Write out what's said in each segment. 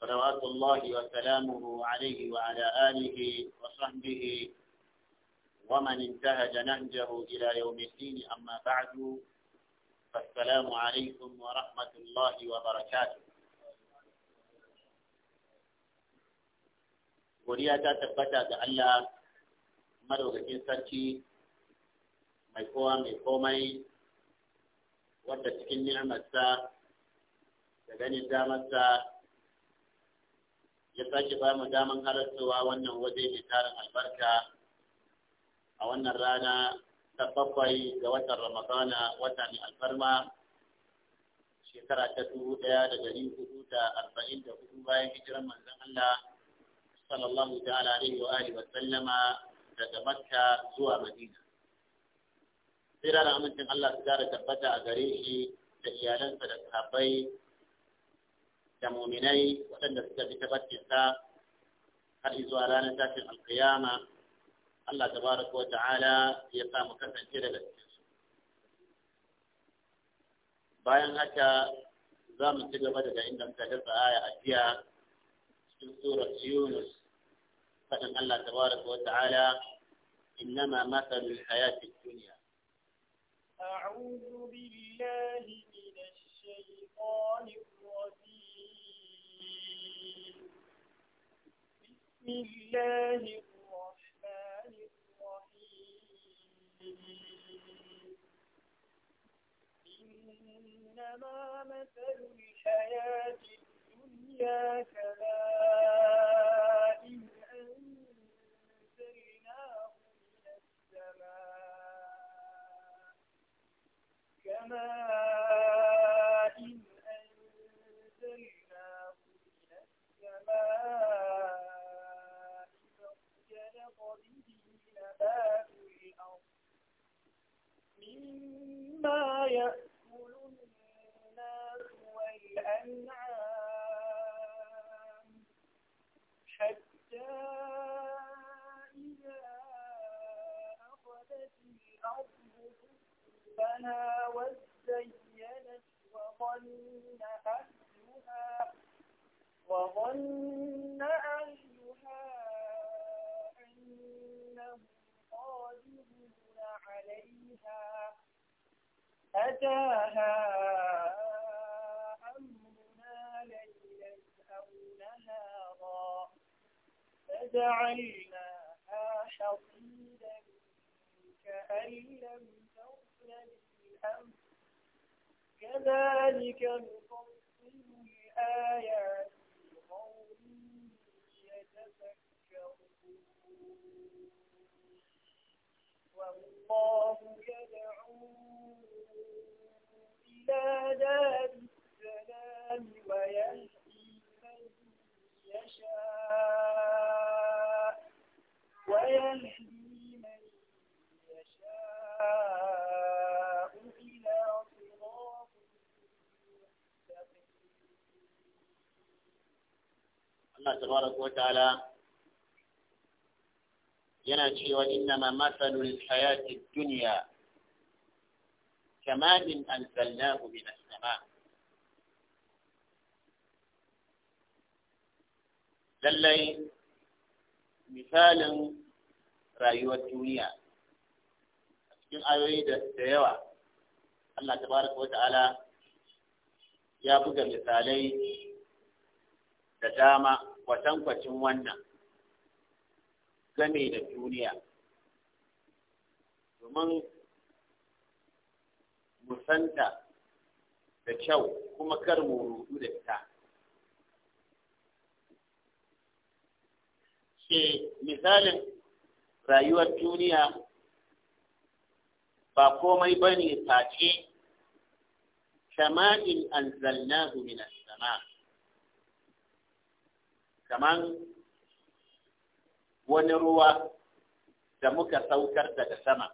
صلوات الله وسلامه عليه وعلى آله وصحبه ومن انتهج نهجه إلى يوم الدين أما بعد فالسلام عليكم ورحمة الله وبركاته godiya ta tabbata ga Allah madaukakin ميقوى mai kowa mai komai wadda cikin ni'amarsa ya sake ba mu daman halartowa wannan waje mai tarin albarka a wannan rana ta bakwai ga watan ramadana wata mai alfarma shekara ta dubu ɗaya da dari hudu da arba'in da hudu bayan hijiran manzon Allah sallallahu ta'ala alaihi wa alihi wa sallama daga Makka zuwa Madina sai da amincin Allah su gara tabbata a gare shi da iyalansa da sahabbai da muminai waɗanda suka bi tabbatinsa har zuwa ranar tashin alkiyama Allah tabaraka wa ta'ala ya sa mu kasance daga cikin su bayan haka za mu ci gaba daga inda muka dasa aya a jiya cikin surar Yunus فإن الله تبارك وتعالى إنما مثل الحياة الدنيا أعوذ بالله من الشيطان الرجيم بسم الله الرحمن الرحيم إنما مثل الحياة الدنيا كماء أنزلناه من السماء كماء تبارك وتعالى ينا شيء وإنما مثل الحياة الدنيا كما إن أنزلناه من السماء للي مثال رأي الدنيا أسكن أريد السيوة الله تبارك وتعالى يا بقى مثالي تجامع kwatankwacin wannan game da duniya domin musanta da kyau kuma kar mu rudu da ta Ke misalin rayuwar duniya ba komai ba ne face shama'in anzalnahu min as kaman wani ruwa da muka saukar daga sama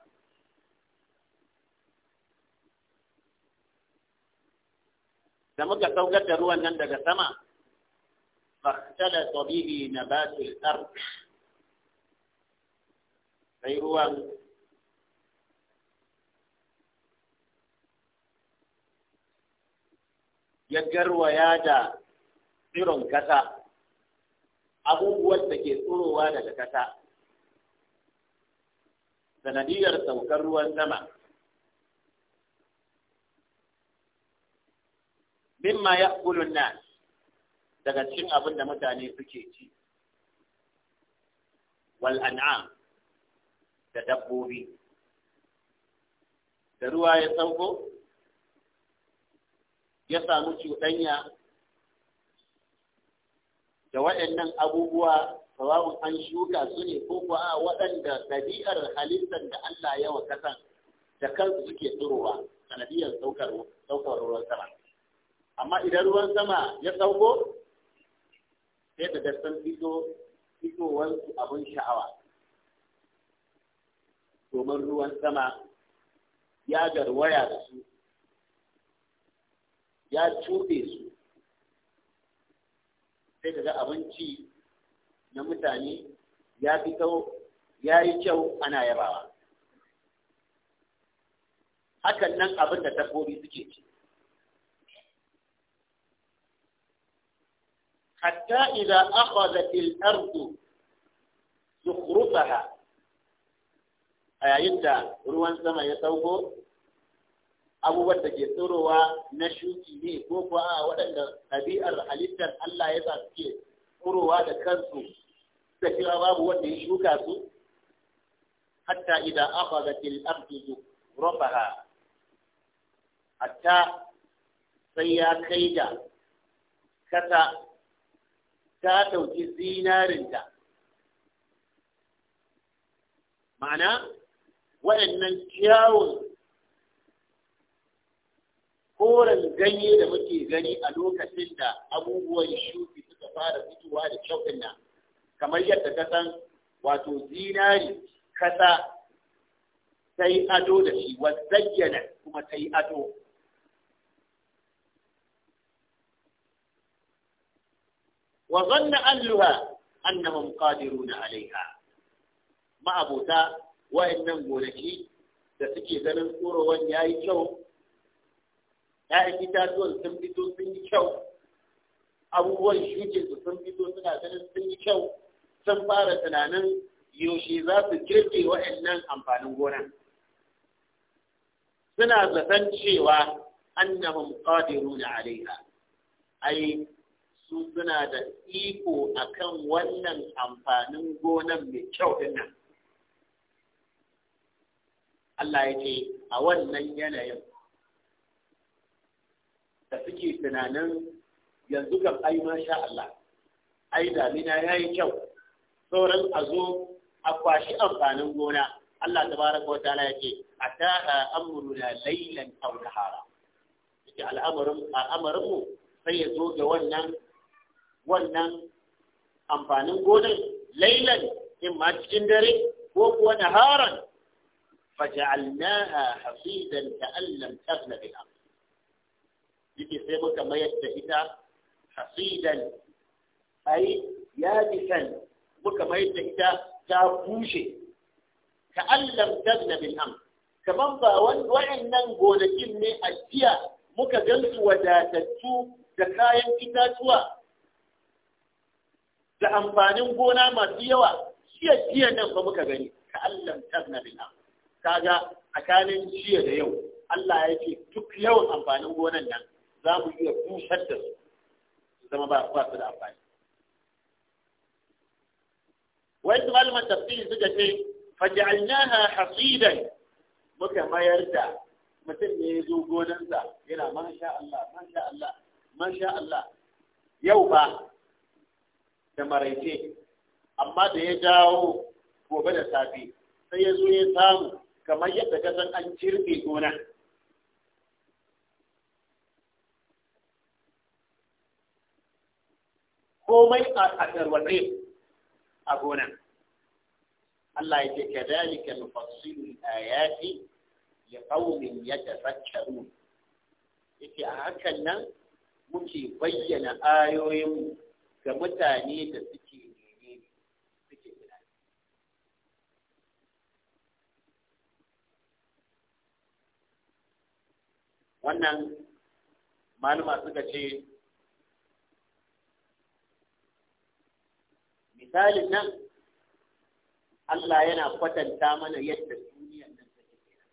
da muka saukar da ruwan nan daga sama fahtala na nabatul ard sai ruwan ya garwaya da tsiron kasa abubuwan da ke tsorowa daga kasa sanadiyar saukar ruwan sama mimma ya na daga cikin abin da mutane suke ci wal an'am da dabbobi da ruwa ya sauko ya samu cuɗanya da waɗannan abubuwa sawa'un an shuka su ne ko a waɗanda ɗabi'ar halittar da Allah ya wa kasan da kansu suke tsirowa sanadiyar saukar ruwan sama amma idan ruwan sama ya sauko sai da dasan fito fitowar abin sha'awa domin ruwan sama ya garwaya da su ya cuɗe su sai da abinci na mutane ya fi kyau ya yi kyau ana yabawa hakan nan abin da dabbobi suke ce hatta idan akhadhat al-ardu zukhrufaha a yayin da ruwan sama ya sauko abubuwan da ke tsorowa na shuki ne ko kuwa a waɗanda ɗabi'ar halittar Allah ya sa suke tsorowa da kansu da cewa babu wanda ya shuka su hatta idan aka ga ardu rafaha hatta sai ya kai da kasa ta ɗauki zinarinta ma'ana waɗannan kyawun koren ganye da muke gani a lokacin da abubuwan shuki suka fara fitowa da kyau din nan kamar yadda ka san wato zinari kasa ta yi ado da shi wazayyana kuma ta yi ado wa zanna alluha annama qadiruna alaiha ma'abota wa'annan gonaki da suke ganin tsorowan yayi kyau ‘ya'yan itatuwan sun fito sun yi kyau abubuwan shuke su sun fito suna ganin sun yi kyau sun fara tunanin yaushe za su girbe waɗannan amfanin gona suna zaton cewa annahum qadiruna alaiha ai su suna da iko akan wannan amfanin gonan mai kyau dinnan. nan Allah ya ce a wannan yanayin da suke tunanin yanzu kam ai masha Allah ai damina ya yi kyau sauran a zo a kwashi amfanin gona Allah tabaraka wa ta'ala yake A amruna laylan aw nahara yake al'amarin Suke al'amarinmu sai ya zo ga wannan wannan amfanin gonar laylan in ma cikin dare ko kuwa naharan faj'alnaha hasidan ka'an da taghna bil ard yake sai muka mayar da ita hasidan ai yabisan muka mayar da ita ta bushe ka allam tagna bil am kaman ba wa'annan gonakin ne a jiya muka gansu wadatattu da kayan itatuwa da amfanin gona masu yawa jiya jiya nan ba muka gani ka allam tagna bil am kaga tsakanin jiya da yau Allah ya ce duk yawan amfanin gonan nan za mu iya bushar da su su zama ba ba su da amfani wai su malaman tafsiri suka ce faj'alnaha hasidan muka mayar da mutum ne ya zo gonansa yana masha Allah masha Allah masha Allah yau ba da maraice amma da ya dawo gobe da safe sai ya zo ya samu kamar yadda ka an cirbe gona komai a tarwatse a gona, Allah ya ce ka ya nufassilu ya ayati liqaumin Ya yake a hakan nan muke bayyana ayoyin ga mutane da suke nene suke tunani wannan malama suka ce misalin nan Allah yana kwatanta mana yadda duniyar nan take kenan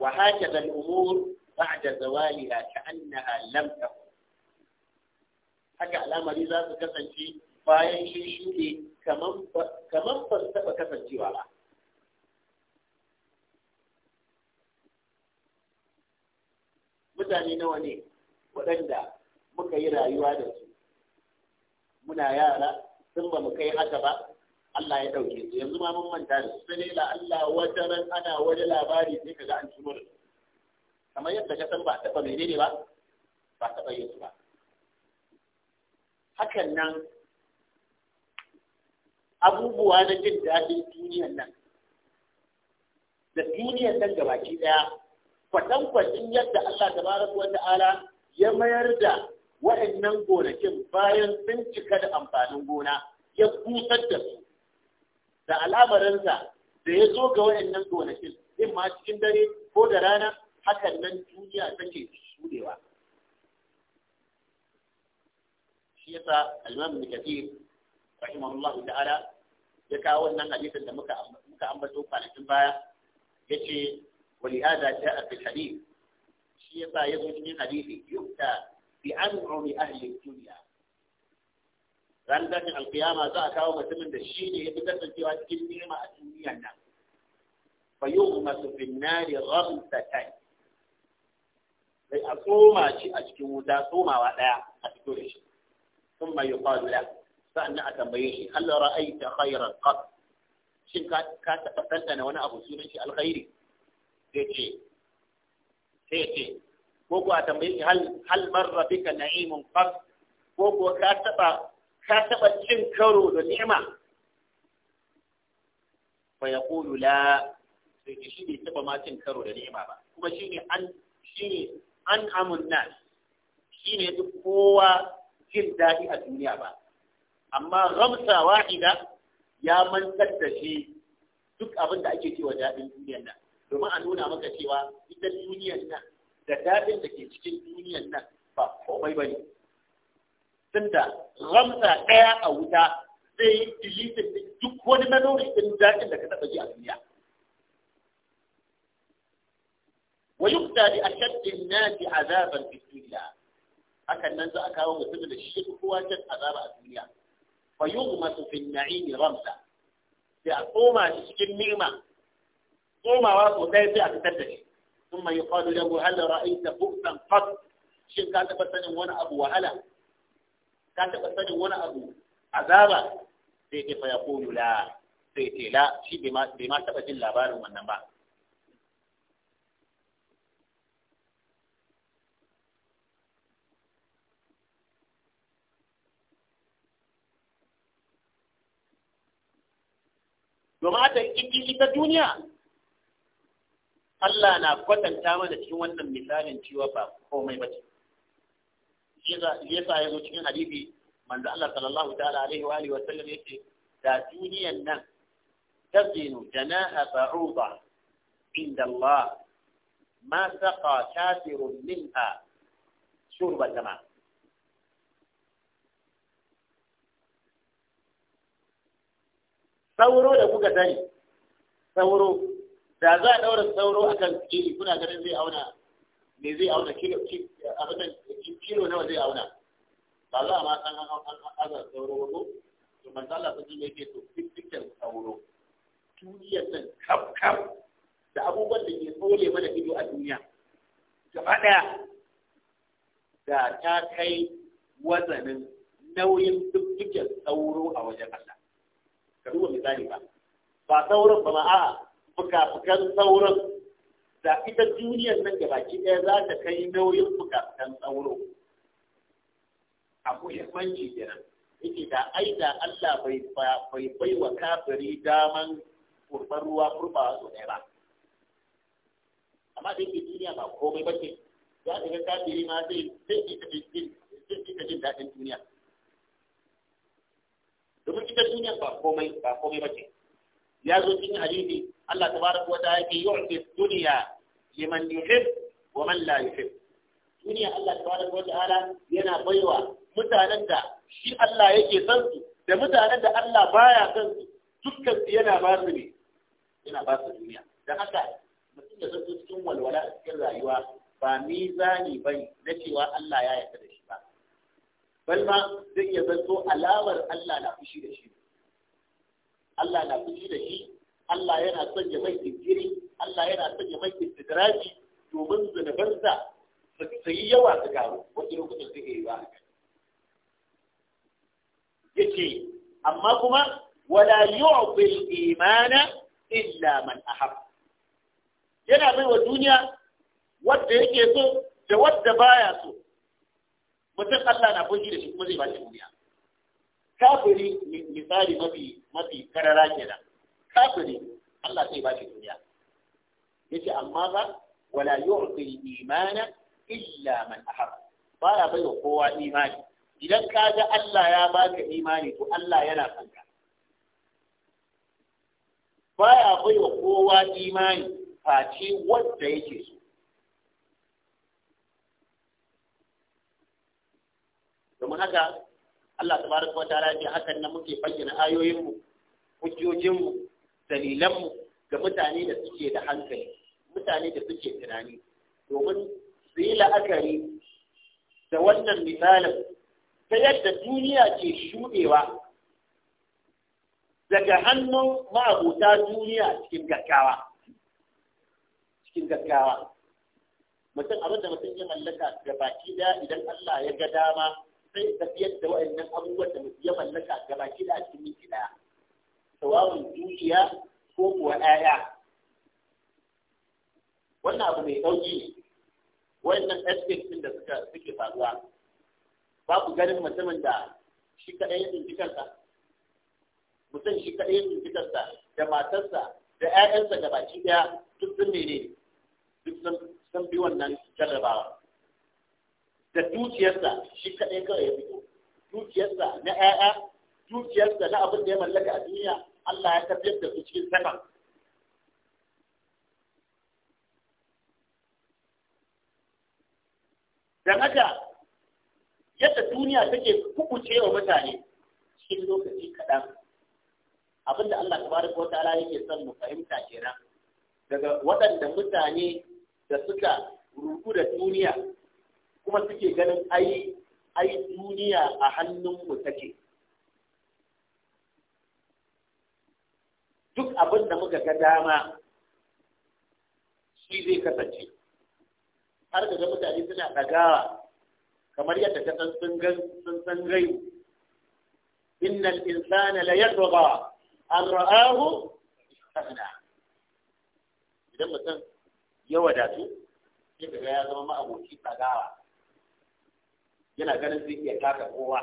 wa hakaza al-umur ba'da zawaliha ka'annaha lam takun haka al'amari za su kasance bayan shi shuɗe kamar ba su taɓa kasancewa ba mutane nawa ne waɗanda muka yi rayuwa da su muna yara sun ba mu kai haka ba Allah ya ɗauke su yanzu ma mun manta da su sai la Allah wata ran ana wani labari sai kaga an tuno da kamar yadda ka san ba taɓa menene ba ba taɓa yin ba hakan nan abubuwa na jin daɗin duniyan nan da duniyan nan gabaki ɗaya kwatankwacin yadda Allah tabaraka wa ta'ala ya mayar da waɗannan gonakin bayan sun cika da amfanin gona ya busar da su da al'amarinsa da ya zo ga waɗannan gonakin in ma cikin dare ko da rana hakan nan duniya take shudewa shi yasa al-Imam Kathir rahimahullah ta'ala ya kawo wannan hadisin da muka muka ambato kwanakin baya yace wali hada a fi hadith shi yasa yazo cikin hadisi yukta bi an'umi ahli dunya ran tashin alkiyama za a kawo mutumin da shi ne ya fi kasancewa cikin ni'ima a duniya nan fa yughmasu fin nari ghamsatan sai a tsoma a cikin wuta tsomawa daya a a tambaye shi hal ra'aita khayran qat shin ka ka taɓa tantana wani abu sunan shi alkhairi zai ce sai ce ko ko a tambayi hal hal marra bika na'imun qad ko ko ka taba ka taba cin karo da ni'ima fa yaqulu la sai shi bai taba ma cin karo da ni'ima ba kuma shine an shine an amun nas shine duk kowa jin daɗi a duniya ba amma ramsa wahida ya mantar da shi duk abin da ake cewa daɗin duniyar nan domin a nuna maka cewa ita duniyar nan da daɗin da ke cikin duniyan nan ba komai ba ne tunda ramsa ɗaya a wuta zai yi dilitin duk wani manori ɗin daɗin da ka taɓa ji a duniya wa yukta bi ashaddin nasi azaban fi duniya hakan nan za a kawo mutum da shi ya kowa can azaba a duniya fa yughmasu fi an-na'im ramsa sai a tsoma shi cikin ni'ima tsomawa sosai sai a fitar da shi ثم يقال له هل رأيت بؤسا قط شيء كانت بسنة وانا أبو وهلا كانت بسنة وانا أبو عذابا سيتي فيقول لا سيتي لا شيء بما, بما سبت الله باله من نبا دوما تا ايتي ايتا Allah na kwatanta mana cikin wannan misalin cewa ba komai ba ce. Yasa ya zo cikin hadisi manzo Allah sallallahu ta'ala alaihi wa alihi wa sallam yace da duniyan nan tazinu janaha ba'uda inda Allah ma saqa kafirun minha shurba jama. Sauro da kuka sani, sauro da za a daura sauro a kan kili kuna ganin zai auna ne zai auna kilo abin kilo nawa zai auna ba za a matan an aza sauro ba ko to manzo sun ji yake to fitin sauro duniyar nan kaf kaf da abubuwan da ke tsole mana ido a duniya gaba ɗaya da ta kai wazanin nauyin dukkan sauro a wajen Allah ka duba misali ba ba sauron ba ma a'a fuka-fukan sauran da ita duniyar nan da baki ɗaya za ta kai nauyin fuka-fukan sauro a muhimmanci kenan yake da ai da Allah bai bai wa kafiri daman kurban ruwa kurba su ne ba amma da yake duniya ba komai ba ce za ta ga kafiri ma zai zai ita jin zai jin daɗin duniya domin ita duniya ba komai ba komai ba ce ya zo cikin hadisi Allah tabaraka wa ta'ala ke yu'ti dunya liman yuhib wa man la yuhib duniya Allah tabaraka wa ta'ala yana baiwa mutanen da shi Allah yake san su da mutanen da Allah baya san su dukkan su yana ba su ne yana ba su duniya dan haka mutum da zai cikin walwala a cikin rayuwa ba mizani bane na cewa Allah ya yarda da shi ba bal ma zai iya zanto alawar Allah na fushi da shi Allah na fushi da shi Allah yana son ya mai jinkiri Allah yana son ya mai istidraji domin sa, su yi yawa su karu wani lokacin su yi ba yace amma kuma wala yu'ti al-imana illa man ahab yana mai wa duniya wadda yake so da wadda baya so mutum Allah na fushi da shi kuma zai ba shi duniya kafiri misali mafi mafi karara kenan kafiri Allah sai ba shi duniya yace amma ba wala yu'ti imana illa man ahab baya bai kowa imani idan ka ga Allah ya baka imani to Allah yana son ka baya bai kowa imani face wanda yake so domin haka Allah tabaraka wa ta'ala ya hakan nan muke bayyana ayoyin mu hujjojin mu dalilan mu ga mutane da suke da hankali mutane da suke tunani domin su yi la'akari da wannan misalin ta yadda duniya ke shuɗewa daga hannun ma'abuta duniya cikin gaggawa cikin gaggawa mutum abin da mutum ya mallaka ga baki da idan Allah ya ga dama sai tafiyar da wa'annan abubuwan da ya mallaka gaba ki da cikin miki daya sawawun dukiya ko kuwa ɗaya wannan abu mai sauki ne wa'annan aspect din da suka suke faruwa babu ganin mutumin da shi kaɗai ya tsinci kansa mutum shi kaɗai ya tsinci kansa da matarsa da 'ya'yansa gabaki ɗaya duk sun ne duk sun bi wannan jarrabawa da dukiyarsa shi kaɗai kawai ya fito dukiyarsa na ƴaƴa dukiyarsa na abin da ya mallaka a duniya Allah ya tafiyar da su cikin sakan dan haka yadda duniya take kubuce wa mutane cikin lokaci kaɗan abinda Allah tabaraka wa ta'ala yake son mu fahimta kenan daga waɗanda mutane da suka rubu da duniya kuma suke ganin ai ai duniya a hannunmu take duk abin da muka ga dama shi zai kasance har ga mutane suna dagawa kamar yadda ta san sun gan sun san gai innal insana la yadgha an ra'ahu istaghna idan mutum ya wadatu sai ga ya zama ma aboki yana ganin zai iya taka kowa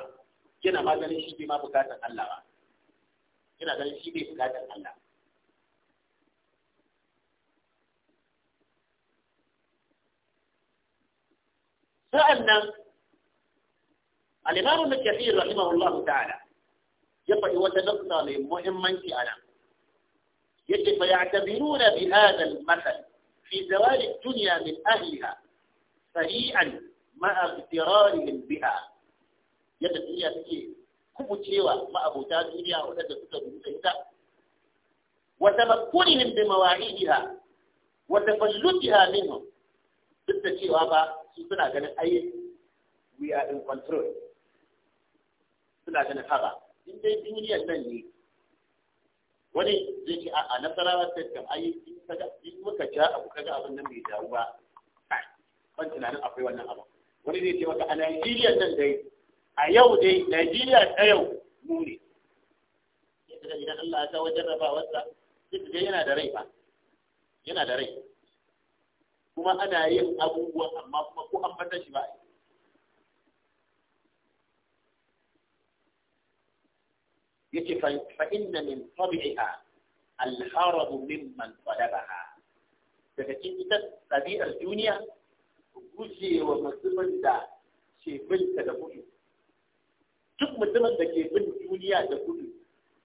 yana ma ganin shi ma bukatar Allah ba yana ganin shi bai bukatar Allah sa'annan al-Imam Al-Kathir rahimahullahu ta'ala ya faɗi wata nafsa mai muhimmanci a nan يجب فيعتبرون بهذا المثل في زوال الدنيا من أهلها سريعا ma'abtirarihim biha yadda duniya take kubucewa ma'abuta duniya wadanda suka rubuta ita wa tabakkurihim bi mawa'idiha wa tafallutiha minhum duk da cewa ba su suna ganin ayi we are in control suna ganin haka in dai duniyar nan ne wani zai ce a nasarawa ta kan ai in muka ja abu kaga abin nan bai dawo ba ban tunanin akwai wannan abu wani zai ce maka a Najeriya nan dai a yau dai Najeriya ta yau mu ne yadda idan Allah ya kawo jarrabawarsa duk dai yana da rai ba yana da rai kuma ana yin abubuwan amma kuma ko an fata shi ba a yi yace fa inna min tabi'iha al-harab mimman talabaha daga cikin ita tabi'ar duniya guje wa mutumin da ke binta da gudu duk mutumin da ke bin duniya da gudu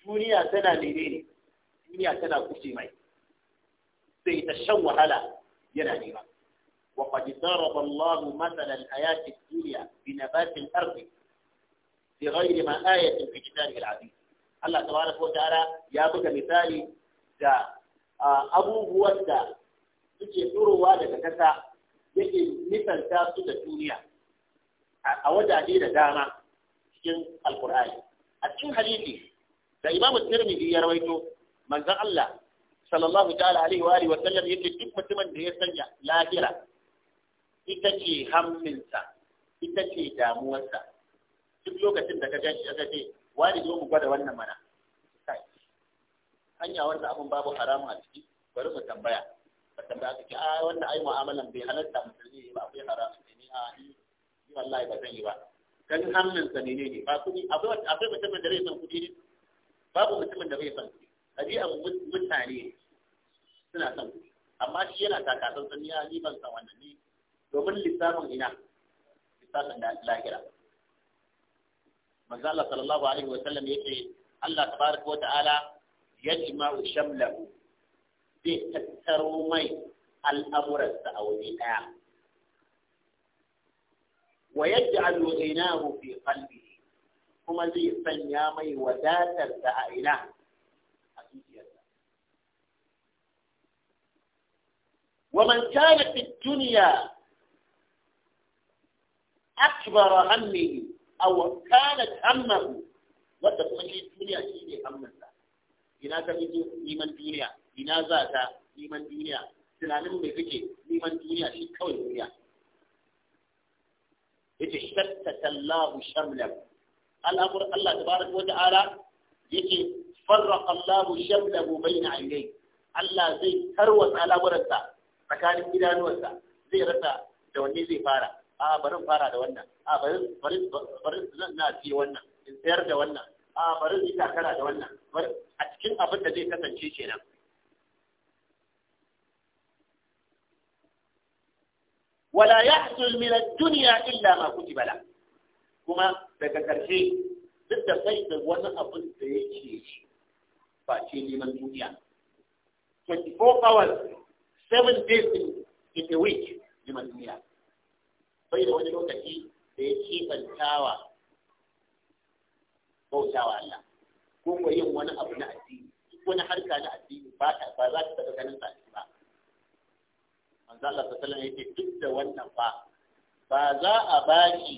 duniya tana nene ne duniya tana guje mai sai ta shan wahala yana nema وقد ضرب الله مثل الحياة الدنيا بنبات الأرض بغير ما آية في كتابه العزيز الله تبارك وتعالى يا بك مثالي دا abubuwan da suke turowa daga kasa yake misalta su da duniya a wajaje da dama cikin alkur'ani a cikin hadisi da imamu tirmidhi ya rawaito manzon Allah sallallahu ta'ala alaihi wa alihi wa sallam yake duk mutumin da ya sanya lahira ita ce hamminsa ita ce damuwarsa duk lokacin da ka gan shi aka ce wani zo mu gwada wannan mana hanya wanda abin babu haramun a ciki bari mu tambaya ka da aka ce a ah, wannan ai mu'amalan bai halatta musulmi ba akwai haramun ne a ah, ni wallahi ba zan yi ba Kan ganin hannunsa ne ne ba kuɗi akwai mutumin da bai san kuɗi ne babu mutumin da bai san kuɗi ɗabi'ar mutane suna san kuɗi amma shi yana taka san ya ah, ni ban san wannan ni. domin lissafin ina lissafin da lahira manzo Allah sallallahu alaihi wa sallam yace Allah tabaraka wa ta'ala yajma'u shamlahu في الترومي الأمر السعودي ويجعل غناه في قلبه هما زي سنيامي وذات الزائنة ومن كان في الدنيا أكبر همه أو كانت همه وتبقى الدنيا شيء همه إذا كان في الدنيا ina za ta neman duniya tunanin mai kake neman duniya shi kawai duniya yace shattata Allahu shamlam al'amur Allah tabaraka wa ta'ala yake farraqa Allahu shamlahu bayna ayyi Allah zai al al'amuransa tsakanin idanuwansa zai rasa da wanne zai fara a bari fara da wannan a bari bari bari zan na ce wannan in tsayar da wannan a bari zai takara da wannan a cikin abin da zai kasance kenan wala yahsul min ad-dunya illa ma kutiba la kuma daga karshe duk da sai da wani abin da yake shi ba ce neman duniya 24 hours 7 days in a week neman duniya bai da wani lokaci da ya kebantawa bautawa Allah ko yin wani abu na addini wani harka na addini ba za ta taɓa ganin sa Allah sallallahu alaihi wasallam duk da wannan fa. ba za a bashi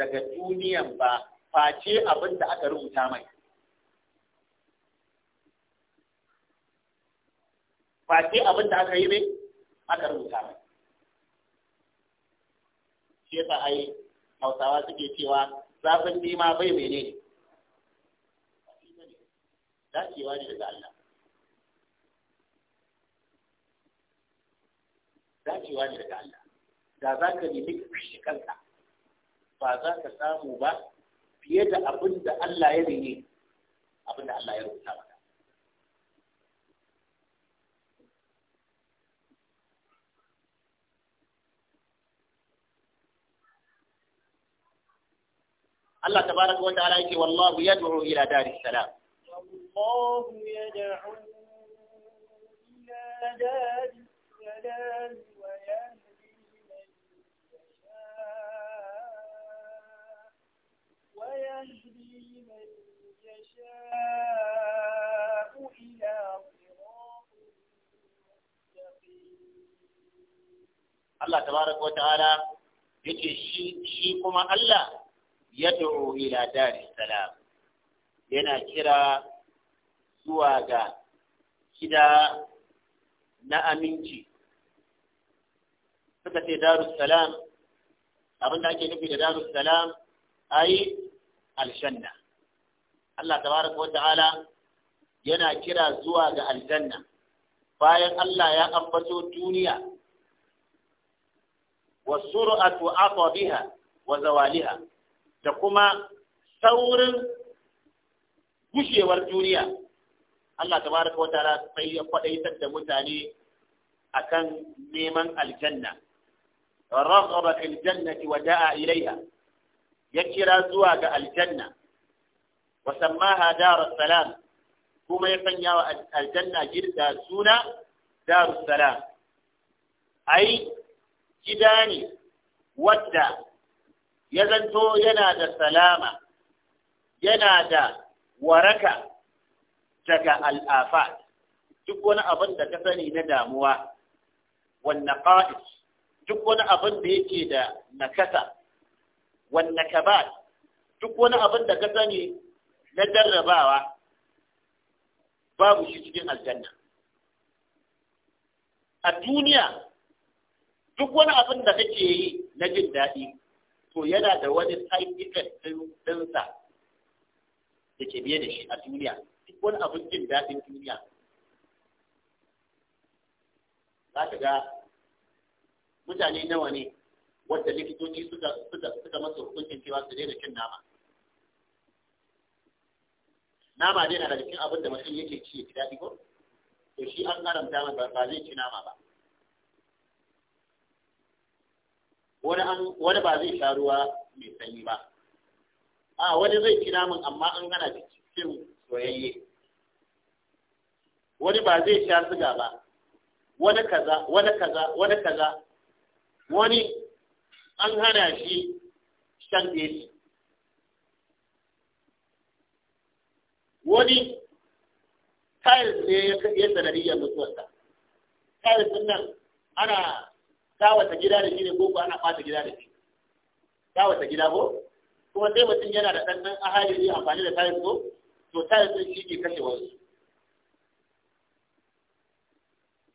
daga duniyan ba face abin da aka rubuta mai face abin da aka yi mai aka rubuta mai shi yasa ai Hausawa suke cewa zafin nema bai menene dacewa ne daga Allah dacewa ne daga Allah da za ka nemi ka kashe kanka ba za ka samu ba fiye da abin da Allah ya nemi abin da Allah ya rubuta maka Allah tabaraka wa ta'ala yake wallahu yad'u ila daris salam wallahu yad'u ila daris salam Allah من يشاء إلى صراط yake shi shi kuma Allah ya da'u ila daris salam yana kira zuwa ga gida na aminci suka ce darus salam abin da ake nufi da darus salam ai aljanna Allah tabaraka wa ta'ala yana kira zuwa ga aljanna bayan Allah ya ambato duniya wa sur'atu aqabiha wa zawaliha da kuma saurin gushewar duniya Allah tabaraka wa ta'ala sai ya kwadaitar da mutane akan neman aljanna رغب aljannati الجنة ودعا إليها ya kira zuwa ga aljanna wa sammaha darus salam kuma ya sanya wa aljanna girda suna darus salam ai gida ne wadda ya zanto yana da salama yana da waraka daga al'afa duk wani abin da ka sani na damuwa wannan duk wani abin da yake da nakasa Wanne ka ba duk wani abin da ka sani na jarrabawa babu shi cikin aljanna a duniya duk wani abin da kake yi na jin daɗi to yana da wani side ɗinsa da ke biye da shi a duniya duk wani abin jin daɗin duniya za ka ga mutane nawa ne wadda likitoci suka suka masa hukuncin cewa su daina cin nama nama dai na da cikin abin da mutum yake ci ya ji daɗi ko to shi an haramta mai ba zai ci nama ba wani an wani ba zai sha ruwa mai sanyi ba a wani zai ci naman amma an gana cikin soyayye wani ba zai sha siga ba wani kaza wani kaza wani kaza wani an hana shi shan AC wani tiles ne ya sanadiyyar mutuwarsa tiles din nan ana kawata gida da shi ne ko ana ɓata gida da shi kawata gida ko kuma sai mutum yana da ɗanɗan ahali ne amfani da tiles ko to tiles sun shi ke kashe wasu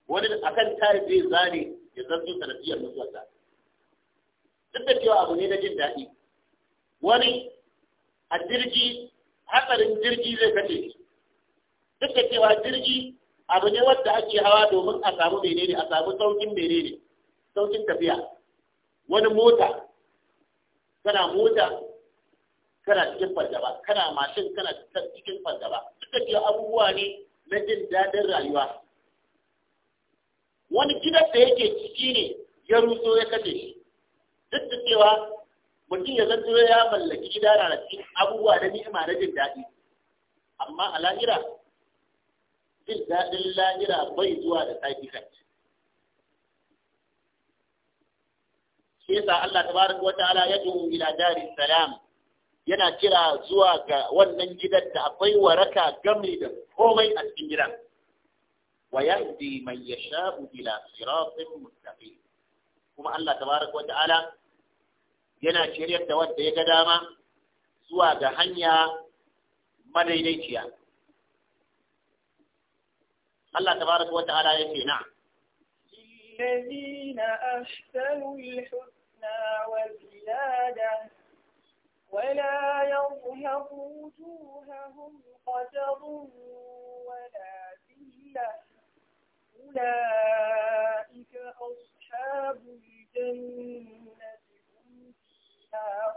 wani akan tiles zai zane ya zanto sanadiyyar mutuwarsa duk da cewa abu ne na jin daɗi wani a jirgi hatsarin jirgi zai kace duk da cewa jirgi abu ne wanda ake hawa domin a samu menene a samu saukin menene saukin tafiya wani mota kana mota kana cikin fargaba kana mashin kana cikin fargaba duk da cewa abubuwa ne na jin daɗin rayuwa wani gidan da yake ciki ne ya ruso ya kace shi duk da cewa mutum ya zanto ya mallaki gida da cikin abubuwa da ni'ima da jin daɗi amma a la'ira jin daɗin la'ira bai zuwa da side effect shi yasa Allah tabaraka wa ta'ala ya dubu ila dari salam yana kira zuwa ga wannan gidan da akwai waraka game da komai a cikin gidan wa yahdi man yasha'u ila siratin mustaqim kuma Allah tabaraka wa ta'ala yana shiryar da wanda ya ga dama zuwa ga hanya madaidaiciya Allah tabaraka wa ta'ala ya ce na للذين أحسنوا الحسنى وزيادة ولا يرهق وجوههم قدر ولا ذلة أولئك أصحاب أصحاب الجنة هم فيها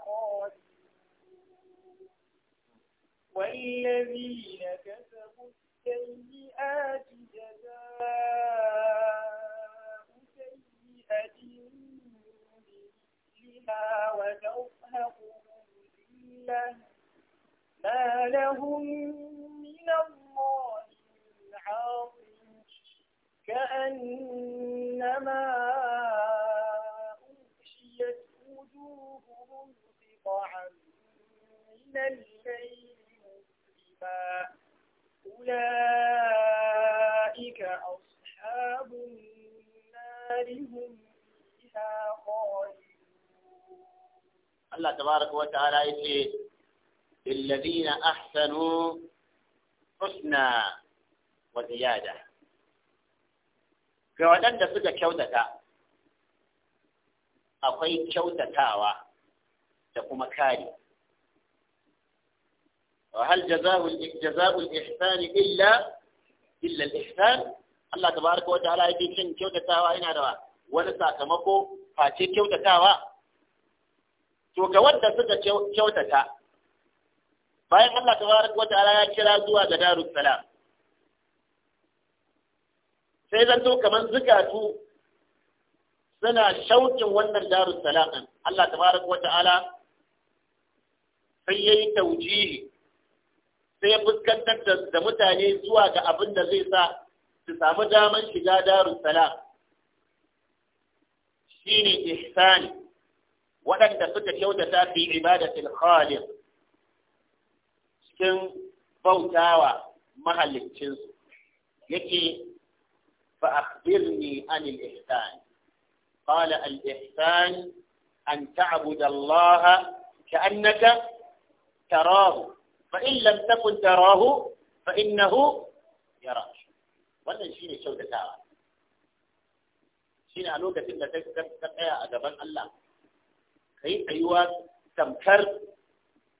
والذين كسبوا السيئات جزاء سيئة بمثلها وترهقهم ذلة ما لهم من الله من عاصم كأنما أغشيت وجوههم قطعا من الليل مظلما أولئك أصحاب النار هم فيها خالدون الله تبارك وتعالى يقول للذين أحسنوا حسنى وزيادة ga waɗanda suka kyautata akwai kyautatawa da kuma kare وهل جزاء illa illa al-ihsan Allah الله wa ta'ala yake cin kyautatawa ina da wani sakamako face kyautatawa to ga wanda suka kyautata bayan Allah tabaraka wa ta'ala ya kira zuwa ga darussalam sai zanto kamar zukatu suna shaukin wannan daru salam Allah tabaraka wa ta'ala sai yayi taujihi sai ya fuskantar da mutane zuwa ga abin da zai sa su samu daman shiga daru salam shine ihsani waɗanda suka kyautata fi ibadatil khaliq cikin bautawa mahalliccinsu yake فأخبرني عن الإحسان قال الإحسان أن تعبد الله كأنك تراه فإن لم تكن تراه فإنه يراك وانا نشيني شو تتارى شين أنوك تبقى تبقى أدبا الله كي أيوة تمكر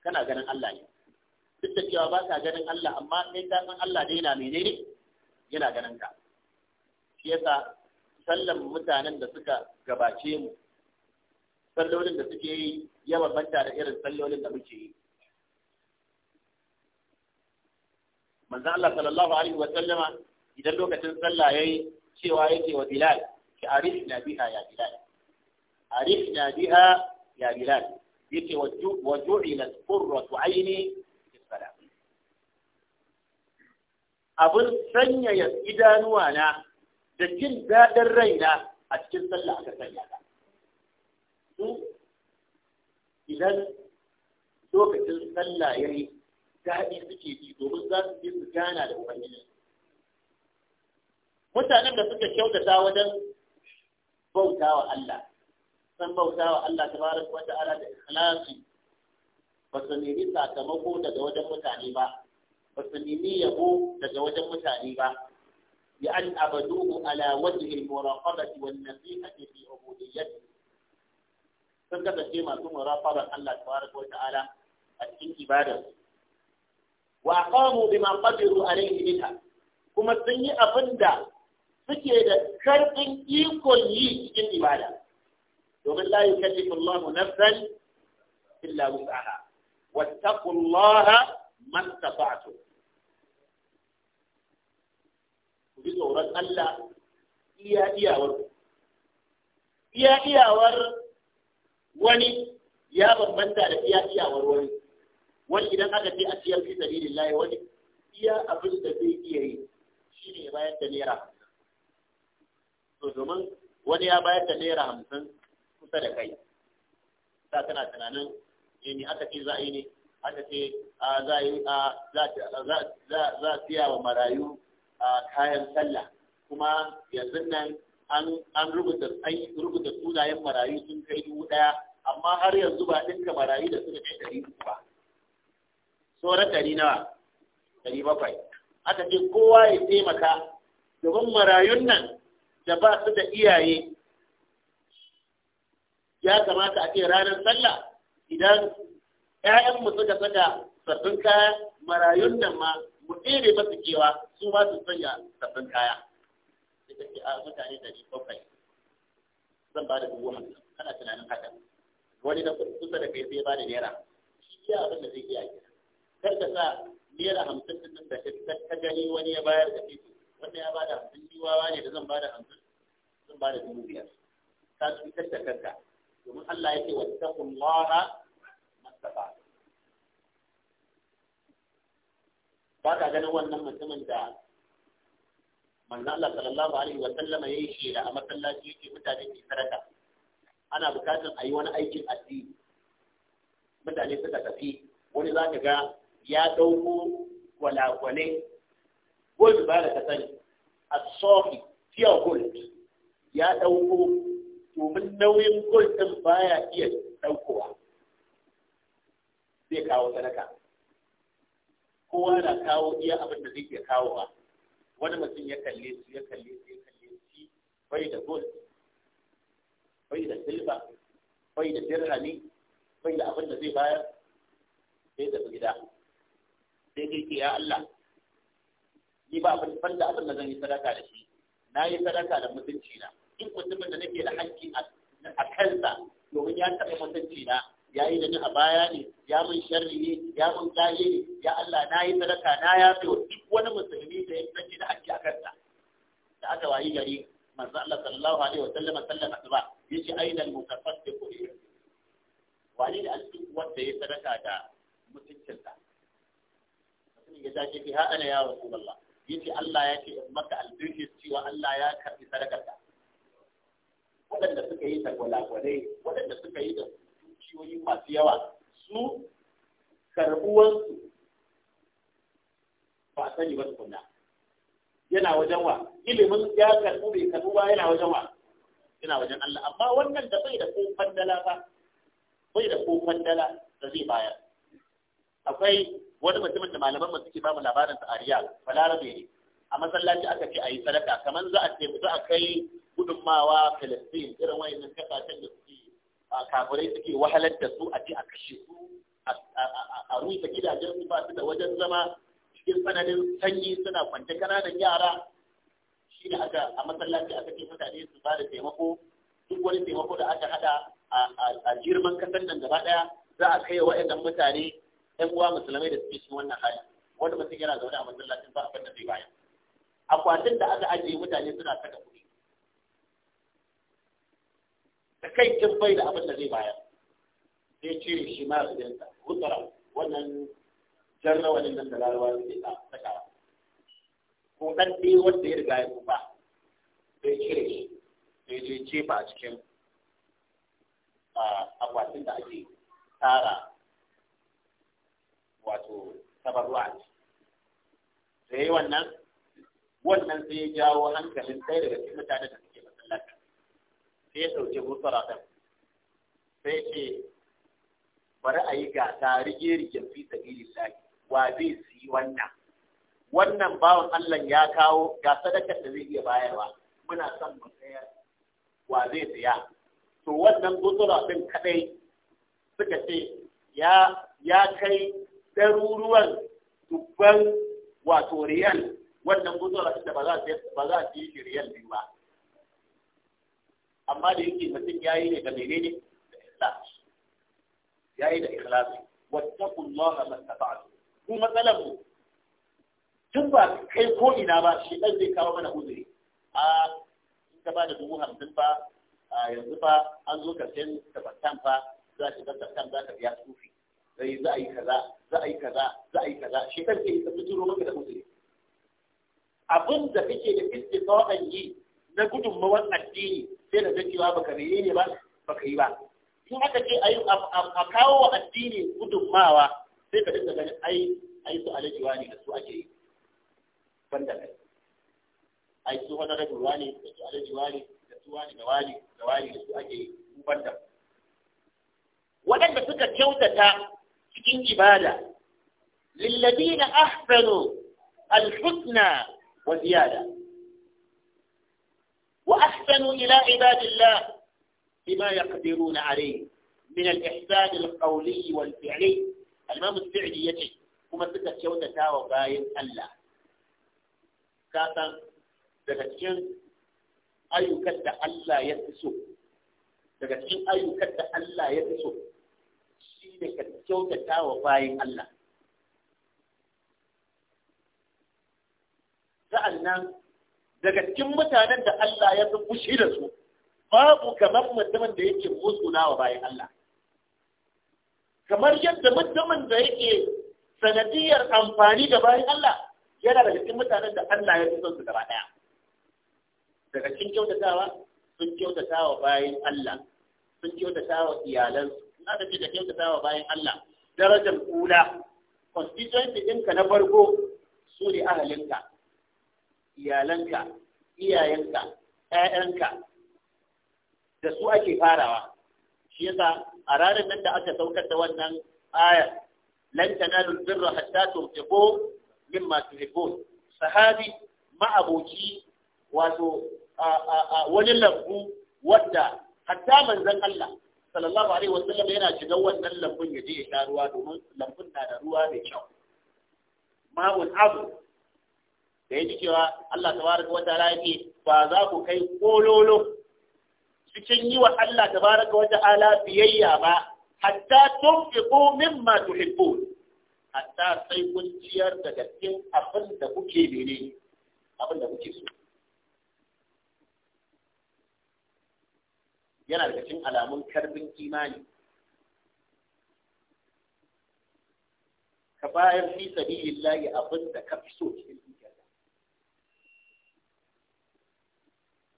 كان أجنا الله يعني. تبقى جوابات أجنا الله أما إذا كان الله دينا مينيني ينا أجنا الله shi yasa sallan mutanen da suka gabace mu sallolin da suke yi ya bambanta da irin sallolin da muke yi manzo Allah sallallahu alaihi wa sallama idan lokacin sallah yayi cewa yake wa Bilal ki na biha ya Bilal na biha ya Bilal yake wa ju'ilat qurratu aini fi salat abun sanyaya idanuwa na da jin daɗin raina a cikin sallah aka sanya ka su idan lokacin sallah ya yi daɗi suke ji domin za su je su gana da ubangiji mutanen da suka kyautata wajen bauta wa Allah san bauta wa Allah tabaraka wata ara da ikhlasi ba su nemi sakamako daga wajen mutane ba ba su nemi yabo daga wajen mutane ba بأن أبدوه على وجه المراقبة والنصيحة في عبوديته. سنة تشيما ثم رافض الله تبارك وتعالى الانتباه. وأقاموا بما قدروا عليه منها. كما سنية أفندا سكي إذا كرق يكون يجي انتباه. ومن لا يكلف الله نفسا إلا وسعها. واتقوا الله ما استطعتم. tsoron Allah iya iyawar iya iyawar wani ya bambanta da iya iyawar wani wani idan aka ce a ciyar fi sabilillahi wani iya abin da zai iya yi shine ya bayar da naira hamsin to domin wani ya bayar da naira hamsin kusa da kai ta tana tunanin ne eh, aka ce za a yi ne aka ce za a siya wa marayu kayan sallah kuma yanzu nan an rubuta rubuta sunayen marayu sun kai dubu ɗaya amma har yanzu ba dinka marayu da suka kai ɗari uku ba sauran dari nawa ɗari bakwai aka ce kowa ya taimaka domin marayun nan da ba su da iyaye ya kamata a ce ranar sallah idan ‘ya'yanmu suka saka sabbin kaya marayun nan ma mu tsere masu kewa su ba su sanya sabbin kaya sai ka ce a mutane da ni kawai zan ba da dubu hamsin kana tunanin haka wani da kusa da kai sai ba da naira shi iya abin da zai iya gida kar ka sa naira hamsin din da ka gani wani ya bayar da fito wanda ya ba da hamsin jiwawa ne da zan ba da hamsin zan ba da dubu biyar ka cutar da kanka domin Allah ya ce wa taqullaha Masaka. ba ka ganin wannan mutumin da manzan Allah sallallahu alaihi wa sallama yi shi da a matsalaci yake mutane ke sadaka ana bukatar a yi wani aikin addini mutane suka tafi wani za ka ga ya ɗauko gwalagwale gold ba da ka sani a sofi pure gold ya ɗauko domin nauyin gold ɗin baya iya ɗaukowa zai kawo sadaka kowa na kawo iya abin da zai iya kawo ba wani mutum ya kalle su ya kalle su ya kalle su bai da gold bai da silver, bai da dirhami bai da abin da zai bayar sai da gida sai kai ke ya Allah ni ba abin ban da abin da zan yi sadaka da shi na yi sadaka da mutunci na in mutumin da nake da hakki a kansa domin ya taɓa mutunci na ya yi da ni a baya ne ya mun sharri ne ya mun gaye ne ya Allah na yi sadaka na ya fi duk wani musulmi da ya tsanci da hakki a kansa da aka wayi gari manzo Allah sallallahu alaihi wa sallam sallan asuba yace ainal mutasaddiq wani da alƙi wanda ya sadaka da mutuncinsa mutum ya tashi fi ha ana ya rasulullah yace Allah ya ce in maka albishir cewa Allah ya karbi sadakarka waɗanda suka yi tagwalagwalai waɗanda suka yi da dukiyoyi masu yawa su karɓuwansu ba sani ba tukunna yana wajen wa ilimin ya karɓu bai karɓu ba yana wajen wa yana wajen Allah amma wannan da bai da ko dala ba bai da ko dala da zai bayar akwai wani mutumin da malaman masu suke ba mu labarin ta ariya Riyadh balarabe ne a masallaci aka ce a yi sadaka kamar za a ce za a kai gudunmawa filistin irin wayannan kasashen da suke kafirai suke wahalar da su a ji a kashe su a rufe gidajen su ba su da wajen zama cikin tsananin sanyi suna kwance kananan yara shi ne aka a masallaci aka ce mutane su ba da taimako duk wani taimako da aka hada a girman kasar nan gaba daya za a kai waɗannan mutane ɗan uwa musulmai da suke cikin wannan hali wanda mutum yana zaune a masallacin ba abin da zai bayan akwatin da aka ajiye mutane suna saka da kai kin bai da abin da zai bayar sai cire shi ma da dinsa hutsara wannan jarrawalin nan da larawa suke ta saka ko dan dai wanda ya riga ya kuma sai cire shi sai je jefa a cikin akwatin da ake tara wato tabarru'a sai wannan wannan sai ya jawo hankalin ɗaya daga cikin mutanen da sai ya ɗauke busara ɗin sai ce bari a yi gasa rige-rigen fi sabili lahi wa zai su yi wannan wannan bawan Allah ya kawo ga sadakar da zai iya bayarwa muna son mu sayar wa zai saya to wannan busara ɗin kaɗai suka ce ya ya kai ɗaruruwan dubban wato riyal wannan busara da ba za a yi riyal ne ba amma da yake mutum yayi ne da menene da ikhlas ya yi da ikhlas ma mastata'tu ku matsalar mu tun ba kai ko ina ba shi dan zai kawo mana uzuri a in ka ba da dubu hamsin ba a yanzu ba an zo ka karshen tabattan fa za shi ga tabattan za ka biya sufi sai za a yi kaza za a yi kaza za a yi kaza shi dan zai ka fito maka da uzuri abin da kake da istiqa'an yi na gudun mawan addini sai da cewa baka ka ne ba baka yi ba in aka ce a kawo wa addini gudunmawa sai ka dinga ganin ai ai su alajiwa ne da su ake yi banda kai ai su wani rajuwa ne da su alajiwa ne da su wani da wani da wani da su ake yi banda waɗanda suka kyautata cikin ibada lilladina ahsanu alhusna wa ziyada وأحسنوا إلى عباد الله بما يقدرون عليه من الإحسان القولي والفعلي الإمام الفعلي يجي وما تكت شوتا تاوى باين ألا كاتا تكتشن أي كتا ألا يتسو تكتشن أي كتا ألا يتسو شيدا كتا شوتا ألا فعلنا daga cikin mutanen da Allah ya fi fushi da su babu kamar mutumin da yake wa bayan Allah kamar yadda mutumin da yake sanadiyar amfani da bayan Allah yana daga cikin mutanen da Allah ya fi son su gaba daya daga cikin kyautatawa sun kyautatawa bayan Allah sun kyautatawa iyalansu na da kyautata kyautatawa bayan Allah darajar kula constituency ɗinka na farko su ne ahalinka iyalanka iyayenka ƴaƴanka da su ake farawa shi yasa a ranar nan da aka saukar da wannan aya lan tanalu birra hatta tunfiqu mimma tuhibbun sahabi aboki wato wani lambu wadda hatta manzon Allah sallallahu alaihi wasallam yana shiga wannan lambun ya je ya sha ruwa domin lambun na da ruwa mai kyau ma'un abu da ya ji cewa Allah tabaraka wa ta'ala yake ba za ku kai kololo cikin yi wa Allah tabaraka wa ta'ala biyayya ba hatta tunfiqu mimma tuhibbun hatta sai kun ciyar daga cikin abin da kuke mene abin da kuke so yana da cikin alamun karbin imani ka bayar fi sabilillahi abin da ka fi so cikin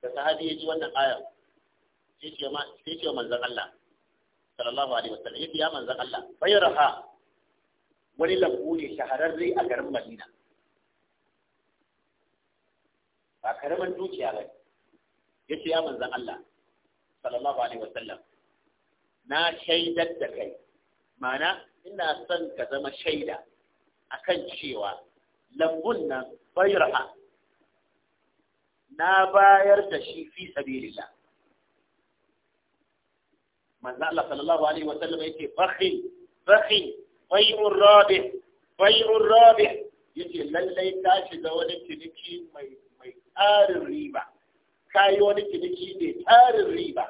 da sahabi ya ji wannan ayar sai ce wa manzan Allah sallallahu alaihi wasallam ya ya manzan Allah bayarha wani lambu ne shahararre a garin Madina ba karaman dukiya ba ya ce ya manzan Allah sallallahu alaihi wasallam na shaidar da kai mana ina son ka zama shaida akan cewa lambun nan bayarha na bayar da shi fi sabilillah manzo Allah sallallahu alaihi wa sallam yake bakhi bakhi bai'ur rabi bai'ur rabi yake lallai ka shiga wani ciniki mai mai tsarin riba kayi wani ciniki mai tsarin riba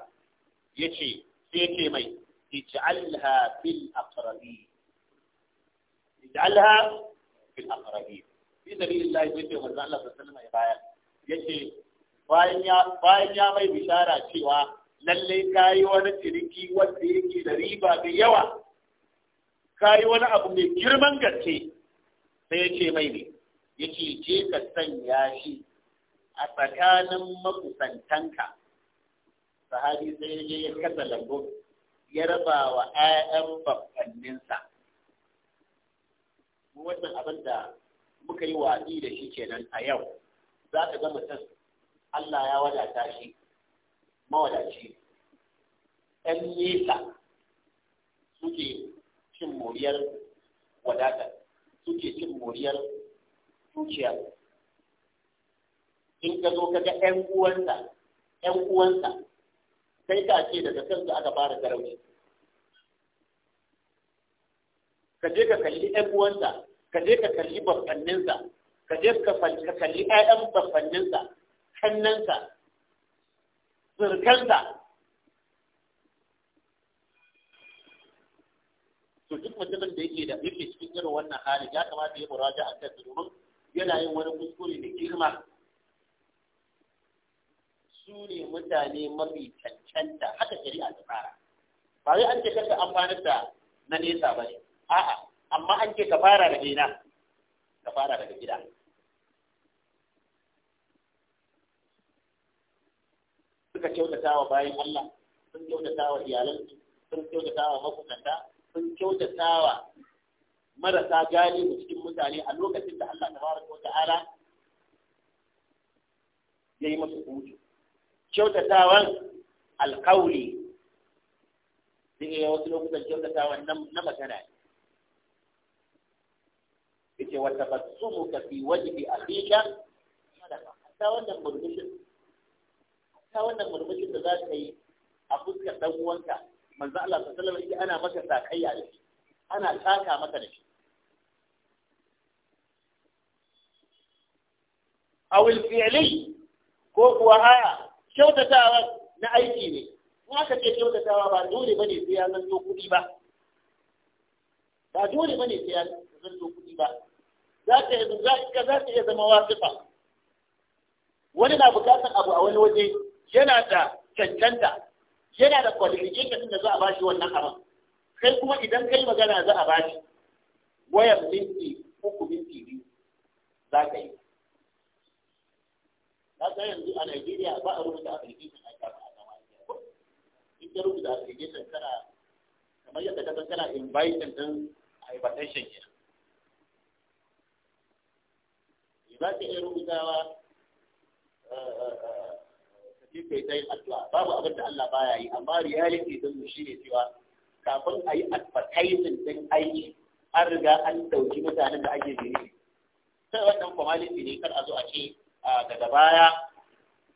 yace sai yake mai ij'alha fil aqrabi ij'alha fil aqrabi fi sabilillah yake manzo Allah sallallahu alaihi wa sallam ya bayar yake bayan ya mai bishara cewa lalle kayi wani ciniki wanda yake da riba da yawa kayi wani abu mai girman gaske sai ya ce mai ne ya ce je ka sanya shi a tsakanin makusantanka sahabi sai ya je ya kasa lambun ya raba wa 'ya'yan babbanninsa wannan abin da muka yi watsi da shi kenan a yau za ka ga mutum Allah ya wadata shi mawadaci ɗan nesa suke cin moriyar wadata, suke cin moriyar zuciya in ka zo ka ga ‘yan uwansa ‘yan uwansa sai ka ce daga kansu aka fara garauci ka je ka kalli ‘yan uwansa ka je ka kalli babbanninsa ka je ka kalli ƴaƴan bafanninsa kannansa zirkansa to duk mutumin da yake da yake cikin irin wannan hali ya kamata ya muraja a kan domin yana yin wani kuskure da girma su ne mutane mafi cancanta haka shari'a ta tsara ba wai an ce kanka amfanar da na nesa ba ne a'a amma an ce ka fara da dina. ka fara daga gida suka kyautata wa bayan Allah sun kyautata wa iyalansu sun kyautata wa makusanta sun kyautata wa marasa galibu cikin mutane a lokacin da Allah tabaraka wa ta'ala ya yi masa hutu kyautatawan alkawuli, zai yi wasu lokutan kyautatawan na magana ne ce wa tabassumuka fi wajhi akhika sadaqa hatta wannan murmushin ta wannan murmushin da za ka yi a fuskar dan uwanka manzo Allah sallallahu alaihi wasallam ana maka sakayya da shi ana taka maka da shi aw al-fi'li ko kuwa haya kyautatawa na aiki ne in aka ce kyautatawa ba dole bane sai ya zanto kudi ba ba dole bane sai ya zanto kuɗi ba za ta iya zama wasifa wani na bukatar abu a wani waje yana da cancanta yana da qualification da za a bashi wannan abin kai kuma idan kai magana za a bashi wayar minti uku minti biyu za ka yi Zaka san yanzu a Najeriya ba a rubuta application a a kan alama in ka rubuta application kana kamar yadda ka san kana inviting din a invitation kenan za ka iya rubutawa eh, eh, eh, ka ce kai ta yin addu'a babu abin da Allah baya yi amma reality din mu shine cewa kafin a yi advertising din aiki an riga an dauki mutanen da ake jini sai wannan formality ne kar a zo a ce daga baya